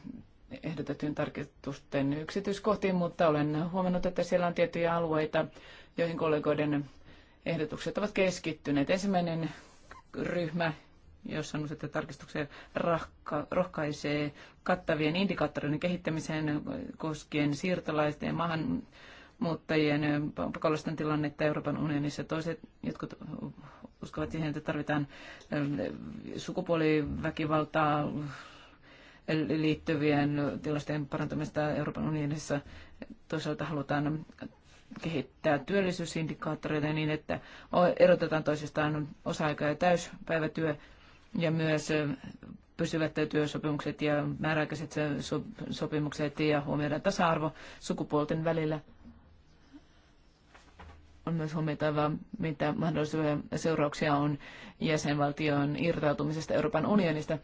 ehdotettujen tarkistusten yksityiskohtiin, mutta olen huomannut, että siellä on tiettyjä alueita, joihin kollegoiden ehdotukset ovat keskittyneet. Ensimmäinen ryhmä, jossa on että tarkistuksia, rahka, rohkaisee kattavien indikaattorien kehittämiseen koskien siirtolaisten ja maahanmuuttajien muuttajien pakolaisten tilannetta Euroopan unionissa. Toiset, jotkut uskovat siihen, että tarvitaan sukupuoliväkivaltaa liittyvien tilastojen parantamista Euroopan unionissa. Toisaalta halutaan kehittää työllisyysindikaattoreita niin, että erotetaan toisistaan osa-aika- ja täyspäivätyö ja myös pysyvät työsopimukset ja määräaikaiset sopimukset ja huomioidaan tasa-arvo sukupuolten välillä. On myös huomioitava, mitä mahdollisia seurauksia on jäsenvaltion irtautumisesta Euroopan unionista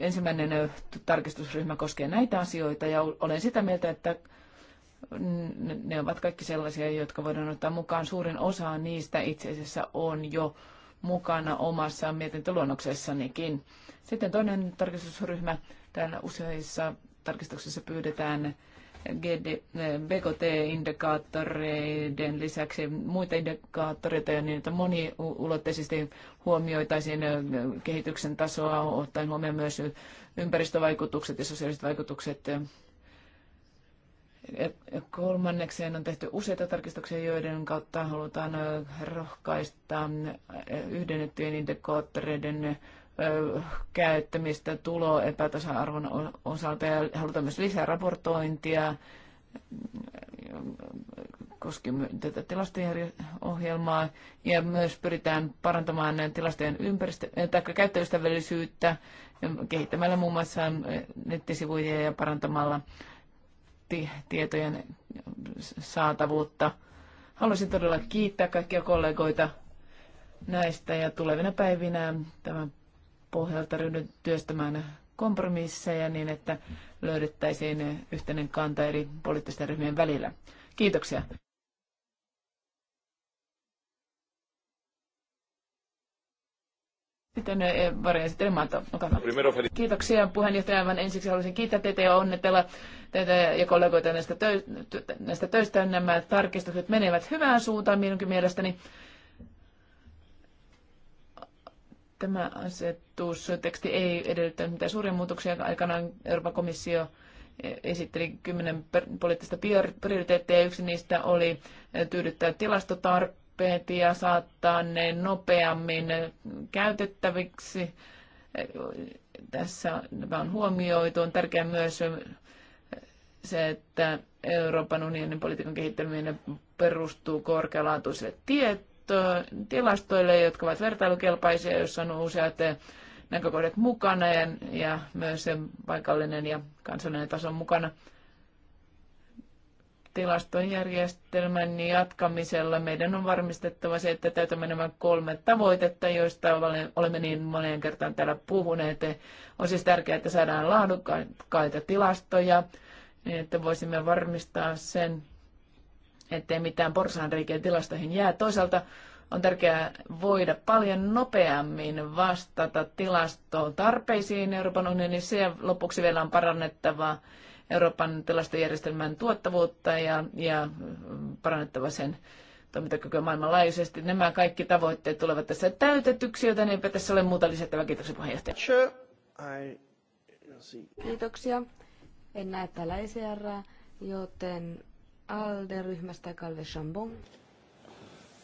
ensimmäinen tarkistusryhmä koskee näitä asioita ja olen sitä mieltä, että ne ovat kaikki sellaisia, jotka voidaan ottaa mukaan. Suurin osa niistä itse asiassa on jo mukana omassa mietintöluonnoksessanikin. Sitten toinen tarkistusryhmä. Täällä useissa tarkistuksissa pyydetään Eh, BKT-indikaattoreiden lisäksi muita indikaattoreita ja niin, että moniulotteisesti huomioitaisiin eh, kehityksen tasoa, ottaen huomioon myös ympäristövaikutukset ja sosiaaliset vaikutukset. Kolmannekseen on tehty useita tarkistuksia, joiden kautta halutaan rohkaista eh, yhdennettyjen indikaattoreiden käyttämistä tulo epätasa-arvon osalta ja halutaan myös lisää raportointia koskien tätä tilastojen ohjelmaa ja myös pyritään parantamaan tilastojen ympäristö- tai käyttäjäystävällisyyttä kehittämällä muun muassa nettisivuja ja parantamalla tietojen saatavuutta. Haluaisin todella kiittää kaikkia kollegoita näistä ja tulevina päivinä tämän pohjalta ryhdy työstämään kompromisseja niin, että löydettäisiin yhteinen kanta eri poliittisten ryhmien välillä. Kiitoksia. Sitten eh, varjoesittely Mato, Kiitoksia puheenjohtaja. Aivan ensiksi haluaisin kiittää teitä ja onnitella teitä ja kollegoita näistä, töistä. Nämä tarkistukset menevät hyvään suuntaan minunkin mielestäni. Tämä teksti ei edellyttänyt mitään suuria muutoksia. Aikanaan Euroopan komissio esitteli kymmenen poliittista prioriteettia. Yksi niistä oli tyydyttää tilastotarpeet ja saattaa ne nopeammin käytettäviksi. Tässä on huomioitu. On tärkeää myös se, että Euroopan unionin politiikan kehittäminen perustuu korkealaatuiselle tietoon tilastoille, jotka ovat vertailukelpaisia, joissa on useat näkökohdat mukana ja, ja myös paikallinen ja kansallinen taso mukana. Tilastojärjestelmän jatkamisella meidän on varmistettava se, että täytämme nämä kolme tavoitetta, joista olemme niin moneen kertaan täällä puhuneet. On siis tärkeää, että saadaan laadukkaita tilastoja, niin että voisimme varmistaa sen, ettei mitään porsaanreikiä tilastoihin jää. Toisaalta on tärkeää voida paljon nopeammin vastata tilastoon tarpeisiin Euroopan unionissa ja lopuksi vielä on parannettava Euroopan tilastojärjestelmän tuottavuutta ja, ja parannettava sen toimintakykyä maailmanlaajuisesti. Nämä kaikki tavoitteet tulevat tässä täytetyksi, joten eipä tässä ole muuta lisättävää. Kiitoksia puheenjohtaja. Kiitoksia. En näe täällä ECR, joten ryhmästä Calve Chambon.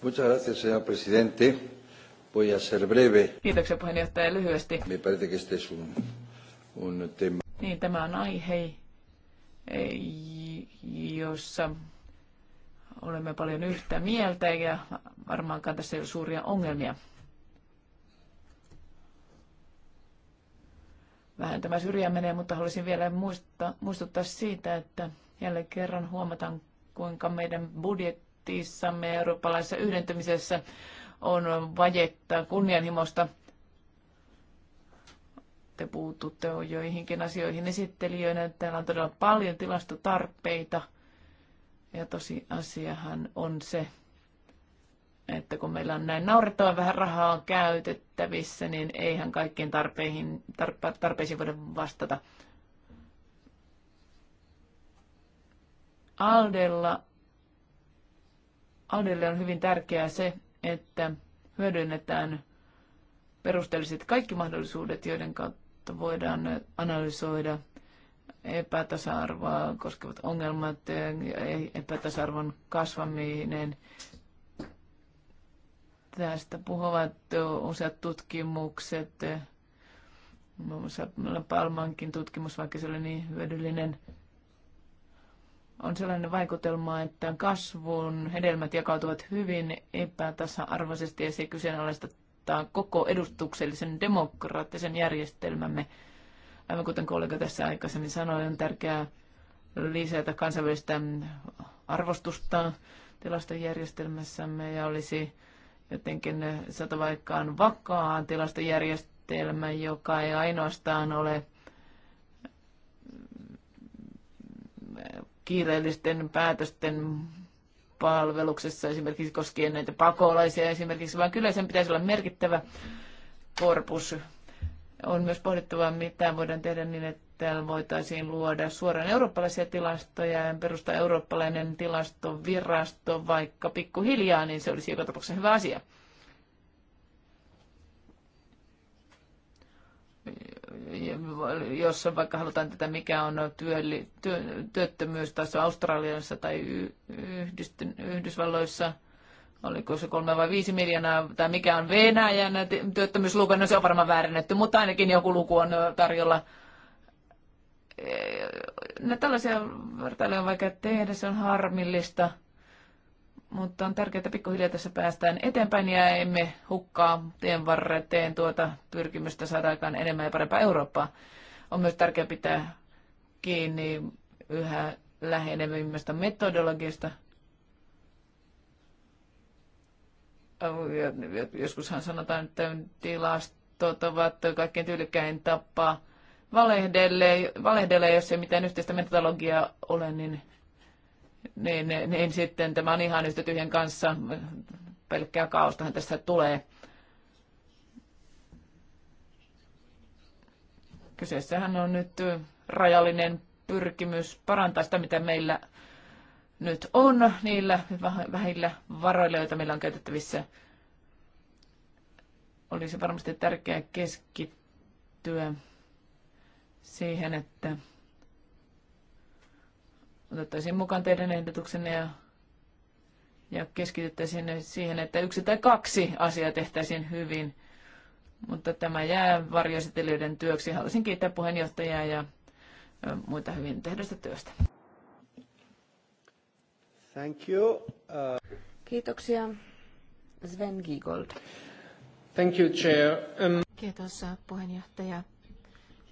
Muchas gracias, señor presidente. Voy a ser breve. Kiitoksia puheenjohtaja lyhyesti. Me parece que este es un, un tema. Niin, tämä on aihe, jossa olemme paljon yhtä mieltä ja varmaankaan tässä ei ole suuria ongelmia. Vähän tämä syrjä menee, mutta haluaisin vielä muistuttaa siitä, että jälleen kerran huomataan kuinka meidän budjettissamme ja eurooppalaisessa yhdentymisessä on vajetta kunnianhimosta. Te puututte joihinkin asioihin esittelijöinä. Täällä on todella paljon tilastotarpeita. Ja tosi asiahan on se, että kun meillä on näin naurettavan vähän rahaa käytettävissä, niin eihän kaikkiin tarpeisiin voida vastata. Aldella, Aldelle on hyvin tärkeää se, että hyödynnetään perusteelliset kaikki mahdollisuudet, joiden kautta voidaan analysoida epätasa-arvoa koskevat ongelmat, epätasa-arvon kasvaminen. Tästä puhuvat useat tutkimukset, muun muassa Palmankin tutkimus, vaikka se oli niin hyödyllinen – on sellainen vaikutelma, että kasvun hedelmät jakautuvat hyvin epätasa-arvoisesti ja se kyseenalaistaa koko edustuksellisen demokraattisen järjestelmämme. Aivan kuten kollega tässä aikaisemmin sanoi, on tärkeää lisätä kansainvälistä arvostusta tilastojärjestelmässämme ja olisi jotenkin saatava aikaan vakaa tilastojärjestelmä, joka ei ainoastaan ole kiireellisten päätösten palveluksessa esimerkiksi koskien näitä pakolaisia esimerkiksi, vaan kyllä sen pitäisi olla merkittävä korpus. On myös pohdittava, mitä voidaan tehdä niin, että voitaisiin luoda suoraan eurooppalaisia tilastoja ja perustaa eurooppalainen tilastovirasto, vaikka pikkuhiljaa, niin se olisi joka tapauksessa hyvä asia. jos vaikka halutaan tätä, mikä on työli, työ, työttömyystaso Australiassa tai yhdisty, Yhdysvalloissa, oliko se kolme vai viisi miljoonaa, tai mikä on Venäjän työttömyysluku, no se on varmaan väärennetty, mutta ainakin joku luku on tarjolla. ne no tällaisia vertailuja on vaikea tehdä, se on harmillista. Mutta on tärkeää, että pikkuhiljaa tässä päästään eteenpäin ja emme hukkaa tien varreteen tuota pyrkimystä saada aikaan enemmän ja parempaa Eurooppaa. On myös tärkeää pitää kiinni yhä lähenevimmästä metodologiasta. Joskushan sanotaan, että tilastot ovat kaikkein tyylikkäin tapa valehdelle, valehdelle jos ei mitään yhteistä metodologiaa ole, niin niin, niin, niin sitten tämä on ihan yhtä tyhjän kanssa. Pelkkää kaostahan tässä tulee. Kyseessähän on nyt rajallinen pyrkimys parantaa sitä, mitä meillä nyt on niillä vähillä varoilla, joita meillä on käytettävissä. Olisi varmasti tärkeää keskittyä siihen, että otettaisiin mukaan teidän ehdotuksenne ja, ja keskityttäisiin siihen, että yksi tai kaksi asiaa tehtäisiin hyvin. Mutta tämä jää varjoesittelijöiden työksi. Haluaisin kiittää puheenjohtajaa ja muita hyvin tehdystä työstä. Thank you. Uh... Kiitoksia. Sven Giegold. Thank you, Chair. Um... Kiitos puheenjohtaja.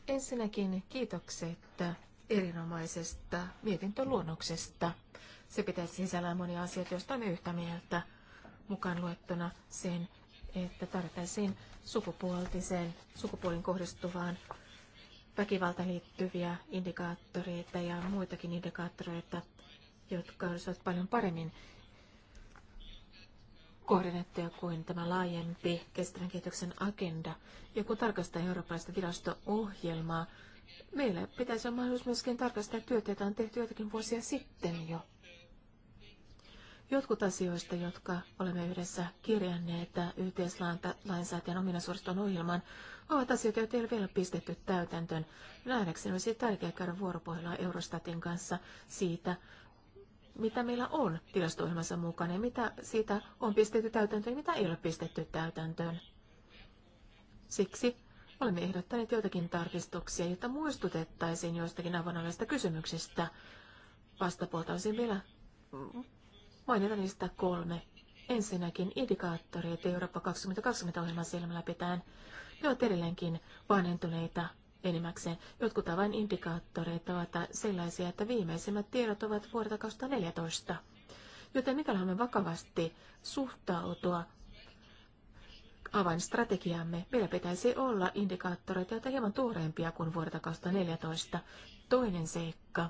Ensinnäkin kiitokset erinomaisesta mietintöluonnoksesta. Se pitää sisällään monia asioita, joista on yhtä mieltä mukaan luettuna sen, että tarvittaisiin sukupuoltiseen, sukupuolin kohdistuvaan väkivaltaan liittyviä indikaattoreita ja muitakin indikaattoreita, jotka olisivat paljon paremmin kohdennettuja kuin tämä laajempi kestävän kehityksen agenda. Joku tarkastaa eurooppalaista virasto-ohjelmaa, Meillä pitäisi olla mahdollisuus myöskin tarkastaa työtä, jota on tehty joitakin vuosia sitten jo. Jotkut asioista, jotka olemme yhdessä kirjanneet yhteislainsäätäjän ominaisuudeston ohjelman, ovat asioita, joita ei ole vielä pistetty täytäntöön. Nähdäkseni olisi tärkeää käydä vuoropuhelua Eurostatin kanssa siitä, mitä meillä on tilasto-ohjelmassa mukana ja mitä siitä on pistetty täytäntöön ja mitä ei ole pistetty täytäntöön. Siksi Olemme ehdottaneet joitakin tarkistuksia, jotta muistutettaisiin joistakin avonalaisista kysymyksistä. Vastapuolta olisin vielä mainita niistä kolme. Ensinnäkin että Eurooppa 2020 ohjelman silmällä pitäen. Ne ovat edelleenkin vanhentuneita enimmäkseen. Jotkut avain indikaattoreita ovat sellaisia, että viimeisimmät tiedot ovat vuodelta 2014. Joten mikäli haluamme vakavasti suhtautua avainstrategiamme. Meillä pitäisi olla indikaattoreita, joita hieman tuoreempia kuin vuodelta 2014. Toinen seikka.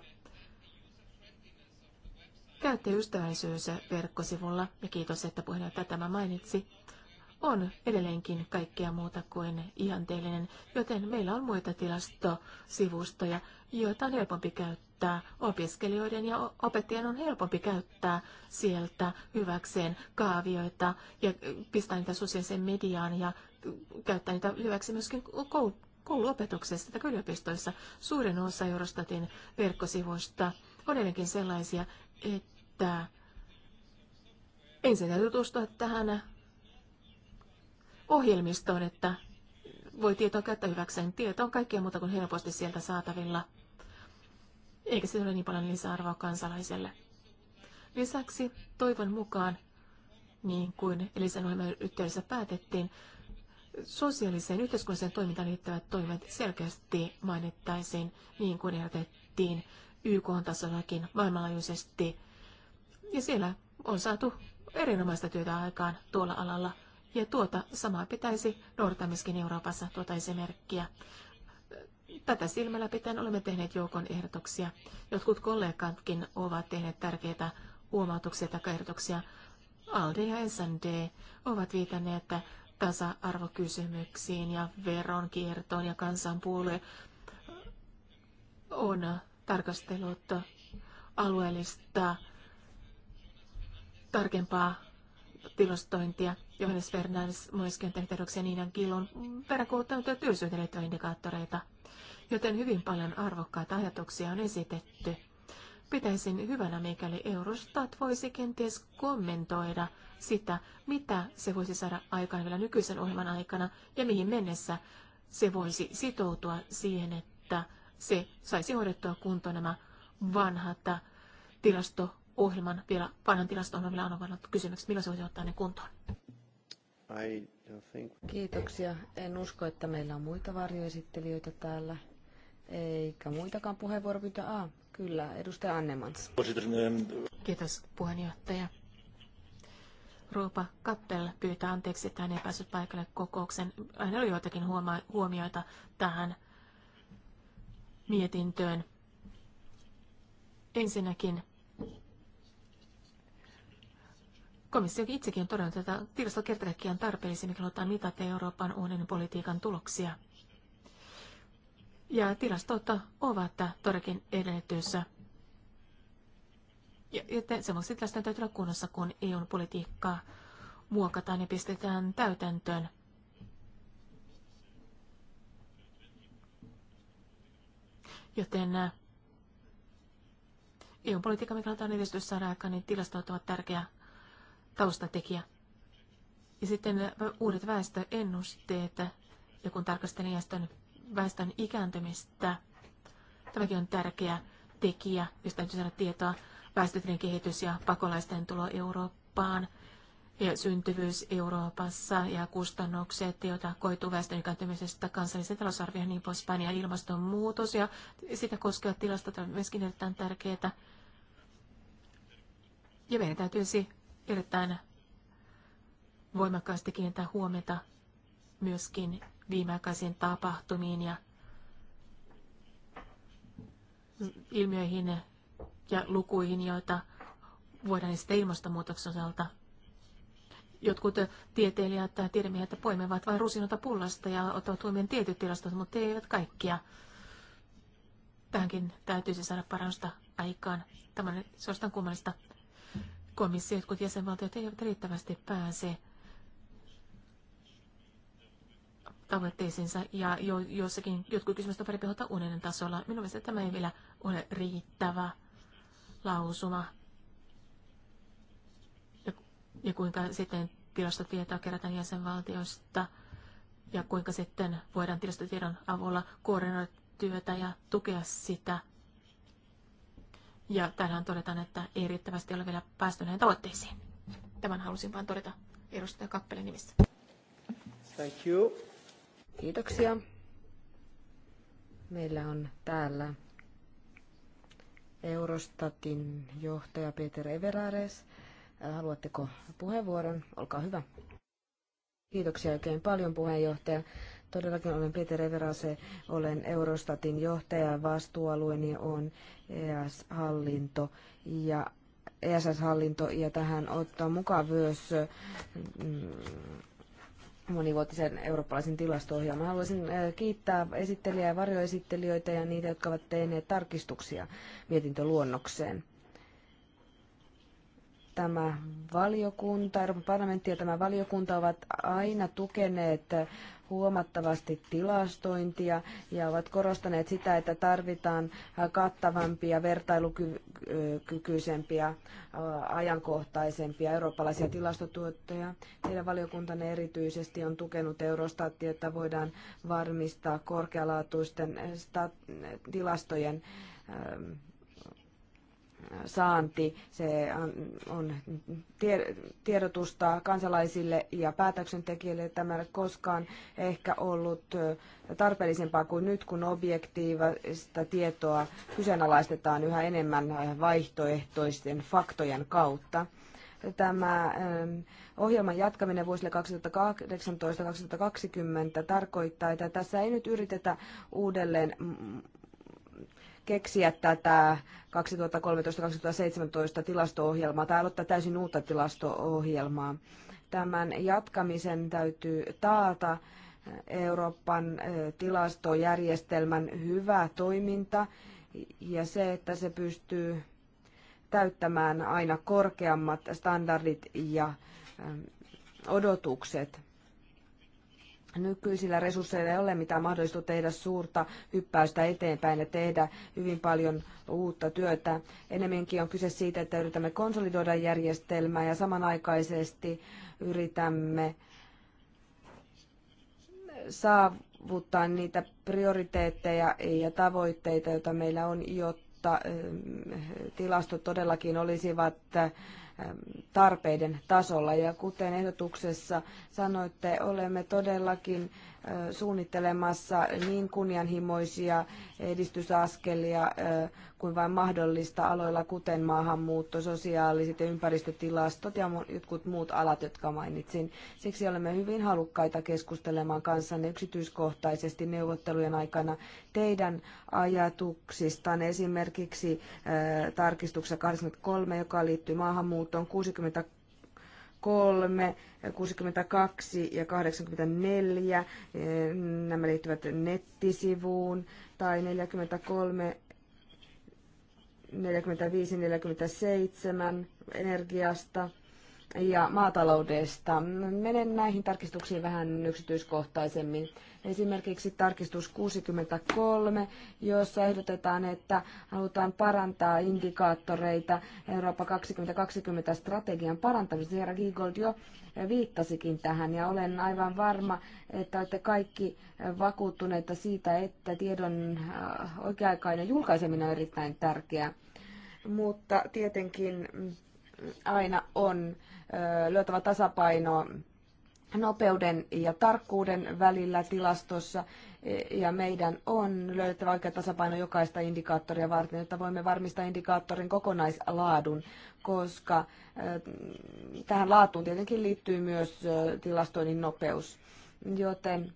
Käyttäjäystävällisyys verkkosivulla, ja kiitos, että puheenjohtaja tämä mainitsi on edelleenkin kaikkea muuta kuin ihanteellinen, joten meillä on muita tilastosivustoja, joita on helpompi käyttää. Opiskelijoiden ja opettajien on helpompi käyttää sieltä hyväkseen kaavioita ja pistää niitä sosiaaliseen mediaan ja käyttää niitä hyväksi myöskin kouluopetuksessa tai yliopistoissa. Suurin osa Eurostatin verkkosivuista on edelleenkin sellaisia, että ensin täytyy tutustua tähän ohjelmistoon, että voi tietoa käyttää hyväkseen. Tieto on kaikkea muuta kuin helposti sieltä saatavilla, eikä se ole niin paljon lisäarvoa kansalaiselle. Lisäksi toivon mukaan, niin kuin Elisan ohjelman yhteydessä päätettiin, sosiaaliseen yhteiskunnalliseen toimintaan liittyvät toimet selkeästi mainittaisiin, niin kuin ehdotettiin YK-tasollakin maailmanlaajuisesti. Ja siellä on saatu erinomaista työtä aikaan tuolla alalla. Ja tuota samaa pitäisi noudata myöskin Euroopassa tuota esimerkkiä. Tätä silmällä pitäen olemme tehneet joukon ehdotuksia. Jotkut kollegatkin ovat tehneet tärkeitä huomautuksia tai ehdotuksia. ALDE ja SND ovat viitanneet tasa-arvokysymyksiin ja veronkiertoon ja kansanpuolue on tarkastellut alueellista tarkempaa tilastointia. Johannes Fernandes myöskin on tehnyt Niinan kilon peräkuuttanut ja indikaattoreita, joten hyvin paljon arvokkaita ajatuksia on esitetty. Pitäisin hyvänä, mikäli Eurostat voisi kenties kommentoida sitä, mitä se voisi saada aikaan vielä nykyisen ohjelman aikana ja mihin mennessä se voisi sitoutua siihen, että se saisi hoidettua kuntoon nämä vanhat tilasto ohjelman vielä, vanhan tilasto-ohjelman vielä on kysymykset, milloin se voisi ottaa ne kuntoon. Kiitoksia. En usko, että meillä on muita varjoesittelijöitä täällä. Eikä muitakaan puheenvuoropyyntöjä. Ah, kyllä, edustaja Annemans. Kiitos puheenjohtaja. Roopa Kappel pyytää anteeksi, että hän ei päässyt paikalle kokouksen. Hän oli joitakin huomioita tähän mietintöön. Ensinnäkin Komissio itsekin on todennut, että tilasto kertakaikkiaan tarpeellisia, mikä halutaan mitata Euroopan unionin politiikan tuloksia. Ja tilastot ovat todellakin edellytyssä. Ja, ja sen vuoksi täytyy olla kunnossa, kun EUn politiikkaa muokataan ja pistetään täytäntöön. Joten eu politiikka mikä on edistys saada aikaan, niin tilastot ovat tärkeä taustatekijä. Ja sitten uudet väestöennusteet, ja kun tarkastelin väestön, väestön ikääntymistä, tämäkin on tärkeä tekijä, josta täytyy saada tietoa, väestötiden kehitys ja pakolaisten tulo Eurooppaan, ja syntyvyys Euroopassa ja kustannukset, joita koituu väestön ikääntymisestä, kansallisen talousarvion niin poispäin, ja ilmastonmuutos ja sitä koskevat tilastot ovat myöskin erittäin tärkeitä. Ja meidän täytyisi erittäin voimakkaasti kiinnittää huomiota myöskin viimeaikaisiin tapahtumiin ja ilmiöihin ja lukuihin, joita voidaan sitten ilmastonmuutoksen osalta. Jotkut tieteilijät tai tiedemiehet poimivat vain rusinota pullasta ja ottavat huomioon tietyt tilastot, mutta eivät kaikkia. Tähänkin täytyisi saada parannusta aikaan. Tämä on suorastaan kummallista komissio, jotkut jäsenvaltiot eivät riittävästi pääse tavoitteisiinsa ja jo, jossakin jotkut kysymykset on parempi ottaa unionin tasolla. Minun mielestä tämä ei vielä ole riittävä lausuma. Ja, ja kuinka sitten tilastotietoa kerätään jäsenvaltioista ja kuinka sitten voidaan tilastotiedon avulla koordinoida työtä ja tukea sitä – ja täällähän todetaan, että ei riittävästi ole vielä päästy näihin tavoitteisiin. Tämän halusin vain todeta edustaja Kappelin nimissä. Thank you. Kiitoksia. Meillä on täällä Eurostatin johtaja Peter Everares. Äh, haluatteko puheenvuoron? Olkaa hyvä. Kiitoksia oikein paljon puheenjohtaja. Todellakin olen Peter Everase, olen Eurostatin johtaja, vastuualueeni on ES-hallinto ja ESS-hallinto ja tähän ottaa mukaan myös mm, monivuotisen eurooppalaisen tilasto-ohjelman. Haluaisin e, kiittää esittelijää ja varjoesittelijöitä ja niitä, jotka ovat tehneet tarkistuksia mietintöluonnokseen. Tämä valiokunta, Euroopan parlamentti ja tämä valiokunta ovat aina tukeneet huomattavasti tilastointia ja ovat korostaneet sitä, että tarvitaan kattavampia, vertailukykyisempiä, ajankohtaisempia eurooppalaisia tilastotuottoja. Teidän valiokuntanne erityisesti on tukenut Eurostatia, että voidaan varmistaa korkealaatuisten tilastojen saanti. Se on tiedotusta kansalaisille ja päätöksentekijöille. Tämä ei ole koskaan ehkä ollut tarpeellisempaa kuin nyt, kun objektiivista tietoa kyseenalaistetaan yhä enemmän vaihtoehtoisten faktojen kautta tämä ohjelman jatkaminen vuosille 2018-2020 tarkoittaa, että tässä ei nyt yritetä uudelleen keksiä tätä 2013-2017 tilasto-ohjelmaa tai aloittaa täysin uutta tilasto-ohjelmaa. Tämän jatkamisen täytyy taata Euroopan eh, tilastojärjestelmän hyvä toiminta ja se, että se pystyy täyttämään aina korkeammat standardit ja eh, odotukset nykyisillä resursseilla ei ole mitään mahdollisuutta tehdä suurta hyppäystä eteenpäin ja tehdä hyvin paljon uutta työtä. Enemminkin on kyse siitä, että yritämme konsolidoida järjestelmää ja samanaikaisesti yritämme saavuttaa niitä prioriteetteja ja tavoitteita, joita meillä on, jotta eh, tilastot todellakin olisivat tarpeiden tasolla. Ja kuten ehdotuksessa sanoitte, olemme todellakin suunnittelemassa niin kunnianhimoisia edistysaskelia kuin vain mahdollista aloilla, kuten maahanmuutto, sosiaaliset ja ympäristötilastot ja jotkut muut alat, jotka mainitsin. Siksi olemme hyvin halukkaita keskustelemaan kanssanne yksityiskohtaisesti neuvottelujen aikana teidän ajatuksistanne esimerkiksi tarkistuksessa 83, joka liittyy maahanmuuttoon 60 63, 62 ja 84. Eh, nämä liittyvät nettisivuun tai 43, 45, 47 energiasta – ja maataloudesta. Menen näihin tarkistuksiin vähän yksityiskohtaisemmin. Esimerkiksi tarkistus 63, jossa ehdotetaan, että halutaan parantaa indikaattoreita Eurooppa 2020 strategian parantamisesta. Herra Giegold jo viittasikin tähän ja olen aivan varma, että olette kaikki vakuuttuneita siitä, että tiedon äh, oikea-aikainen julkaiseminen on erittäin tärkeää. Mutta tietenkin aina on löytävä tasapaino nopeuden ja tarkkuuden välillä tilastossa e, ja meidän on löydettävä oikea tasapaino jokaista indikaattoria varten, jotta voimme varmistaa indikaattorin kokonaislaadun, koska tähän laatuun tietenkin liittyy myös tilastoinnin nopeus. Joten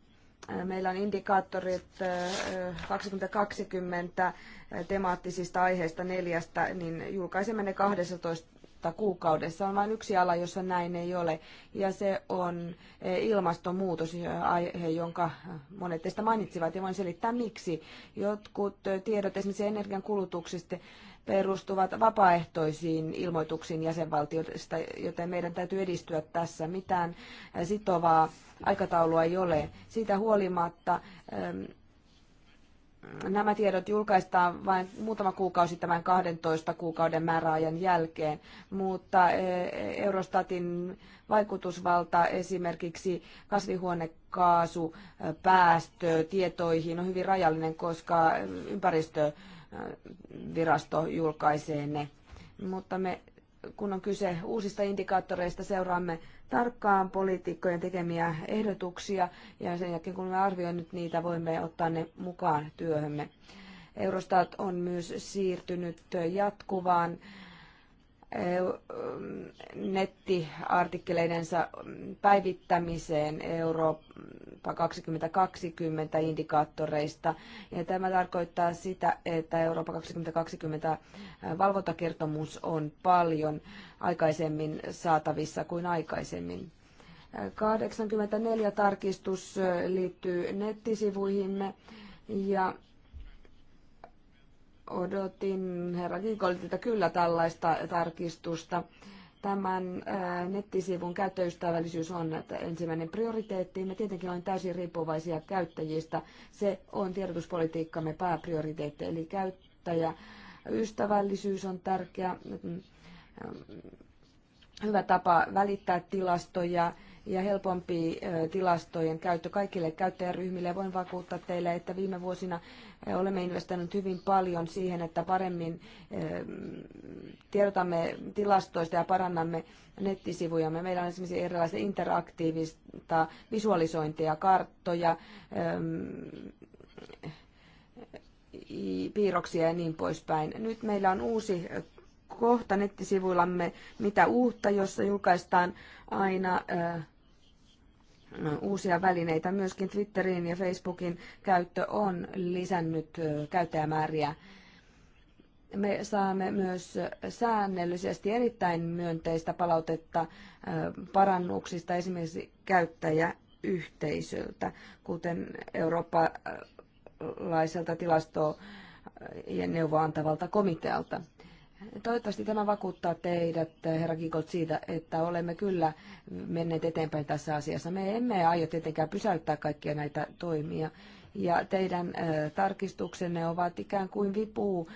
meillä on indikaattorit 2020 temaattisista aiheista neljästä, niin julkaisemme ne 12 000 kuukaudessa. On vain yksi ala, jossa näin ei ole, ja se on e, ilmastonmuutos, e, aihe, jonka monet teistä mainitsivat, ja voin selittää miksi. Jotkut e, tiedot esimerkiksi energian kulutuksesta perustuvat vapaaehtoisiin ilmoituksiin jäsenvaltioista, joten meidän täytyy edistyä tässä. Mitään sitovaa aikataulua ei ole. Siitä huolimatta Nämä tiedot julkaistaan vain muutama kuukausi tämän 12 kuukauden määräajan jälkeen, mutta e, Eurostatin vaikutusvalta esimerkiksi kasvihuonekaasupäästötietoihin e, on hyvin rajallinen, koska ympäristövirasto julkaisee ne. Mutta me, kun on kyse uusista indikaattoreista, seuraamme tarkkaan poliitikkojen tekemiä ehdotuksia ja sen jälkeen kun me arvioimme niitä, voimme ottaa ne mukaan työhömme. Eurostat on myös siirtynyt jatkuvaan mm, nettiartikkeleidensa päivittämiseen Euroopan Eurooppa 2020 indikaattoreista. Ja tämä tarkoittaa sitä, että Eurooppa 2020 valvontakertomus on paljon aikaisemmin saatavissa kuin aikaisemmin. 84 tarkistus liittyy nettisivuihimme ja odotin herra Kinkolitilta kyllä tällaista tarkistusta tämän äh, nettisivun käyttäjäystävällisyys on ensimmäinen prioriteetti. Me tietenkin olemme täysin riippuvaisia käyttäjistä. Se on tiedotuspolitiikkamme pääprioriteetti, eli käyttäjäystävällisyys on tärkeä. Mm, mm, hyvä tapa välittää tilastoja ja helpompi tilastojen käyttö kaikille käyttäjäryhmille. Voin vakuuttaa teille, että viime vuosina olemme investoineet hyvin paljon siihen, että paremmin tiedotamme tilastoista ja parannamme nettisivuja Meillä on esimerkiksi erilaisia interaktiivista visualisointia, karttoja, piirroksia ja niin poispäin. Nyt meillä on uusi kohta nettisivuillamme Mitä uutta, jossa julkaistaan aina äh, uusia välineitä. Myöskin Twitterin ja Facebookin käyttö on lisännyt käyttäjämääriä. Me saamme myös säännöllisesti erittäin myönteistä palautetta parannuksista esimerkiksi käyttäjäyhteisöltä, kuten eurooppalaiselta tilasto- ja neuvoantavalta komitealta. Toivottavasti tämä vakuuttaa teidät, herra Gikolt, siitä, että olemme kyllä menneet eteenpäin tässä asiassa. Me emme aio tietenkään pysäyttää kaikkia näitä toimia. Ja teidän tarkistuksenne ovat ikään kuin vipuu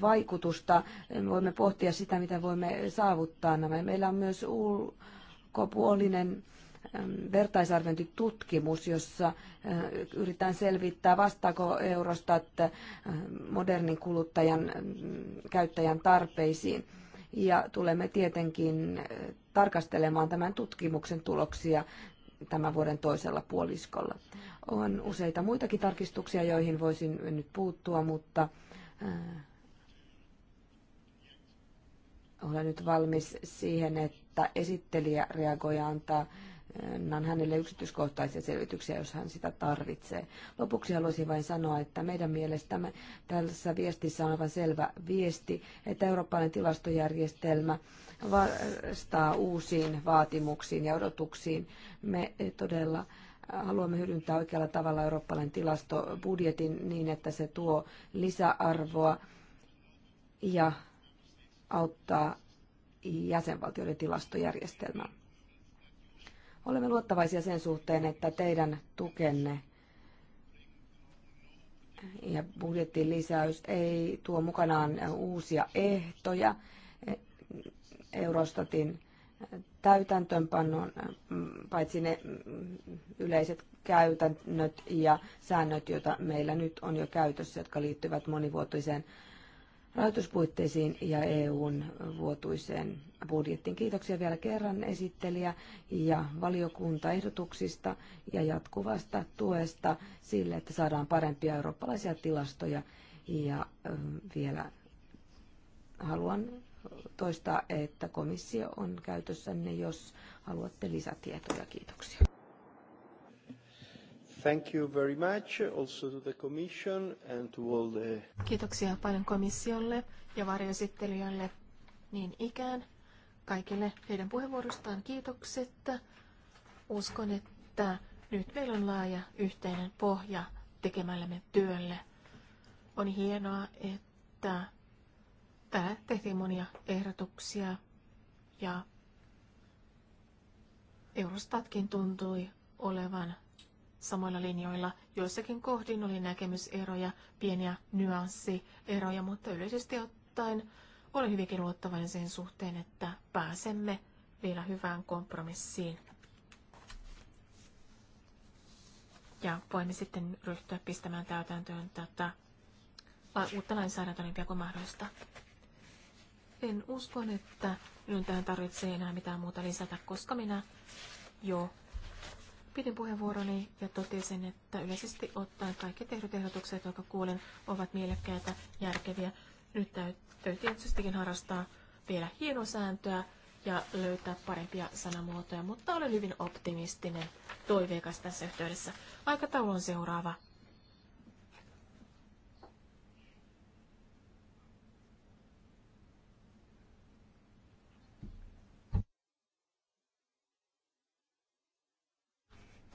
vaikutusta. Voimme pohtia sitä, mitä voimme saavuttaa nämä. Meillä on myös ulkopuolinen äh, Ähm, vertaisarviointitutkimus, jossa äh, yritetään selvittää, vastaako Eurostat äh, modernin kuluttajan äh, käyttäjän tarpeisiin. Ja tulemme tietenkin tarkastelemaan tämän tutkimuksen tuloksia tämän vuoden toisella puoliskolla. On useita muitakin tarkistuksia, joihin voisin nyt puuttua, mutta olen nyt valmis siihen, että esittelijä reagoi ja antaa annan hänelle yksityiskohtaisia selvityksiä, jos hän sitä tarvitsee. Lopuksi haluaisin vain sanoa, että meidän mielestämme tässä viestissä on aivan selvä viesti, että eurooppalainen tilastojärjestelmä vastaa uusiin vaatimuksiin ja odotuksiin. Me todella haluamme hyödyntää oikealla tavalla eurooppalainen tilastobudjetin niin, että se tuo lisäarvoa ja auttaa jäsenvaltioiden tilastojärjestelmää. Olemme luottavaisia sen suhteen, että teidän tukenne ja budjettin lisäys ei tuo mukanaan uusia ehtoja Eurostatin täytäntöönpannon, paitsi ne yleiset käytännöt ja säännöt, joita meillä nyt on jo käytössä, jotka liittyvät monivuotiseen rahoituspuitteisiin ja EUn vuotuiseen budjettiin. Kiitoksia vielä kerran esittelijä ja valiokunta ehdotuksista ja jatkuvasta tuesta sille, että saadaan parempia eurooppalaisia tilastoja. Ja ähm, vielä haluan toistaa, että komissio on käytössänne, jos haluatte lisätietoja. Kiitoksia. Thank you very much also to the commission and to all the... Kiitoksia paljon komissiolle ja varjoesittelijöille niin ikään. Kaikille heidän puheenvuorostaan kiitokset. Uskon, että nyt meillä on laaja yhteinen pohja tekemällämme työlle. On hienoa, että täällä tehtiin monia ehdotuksia ja Eurostatkin tuntui olevan samoilla linjoilla. Joissakin kohdin oli näkemyseroja, pieniä nyanssieroja, mutta yleisesti ottaen olen hyvinkin luottavainen sen suhteen, että pääsemme vielä hyvään kompromissiin. Ja voimme sitten ryhtyä pistämään täytäntöön tätä uutta lainsäädäntöä niin pian kuin mahdollista. En usko, että minun tähän tarvitsee enää mitään muuta lisätä, koska minä jo Pidin puheenvuoroni ja totesin, että yleisesti ottaen kaikki tehdyt ehdotukset, jotka kuulen, ovat mielekkäitä, järkeviä. Nyt täytyy tietystikin harrastaa vielä hienosääntöä ja löytää parempia sanamuotoja, mutta olen hyvin optimistinen, toiveikas tässä yhteydessä. Aikataulu on seuraava.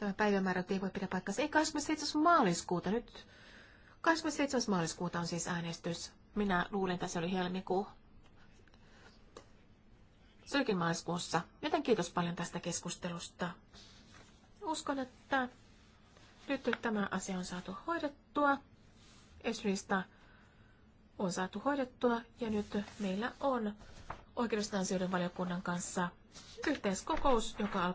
Tämä päivämäärä ei voi pidä paikkansa. Ei 27. maaliskuuta nyt. 27. maaliskuuta on siis äänestys. Minä luulen, että se oli helmikuu. Se olikin maaliskuussa. Joten kiitos paljon tästä keskustelusta. Uskon, että nyt tämä asia on saatu hoidettua. Esrista on saatu hoidettua ja nyt meillä on oikeudestaan valiokunnan kanssa yhteiskokous, joka alkaa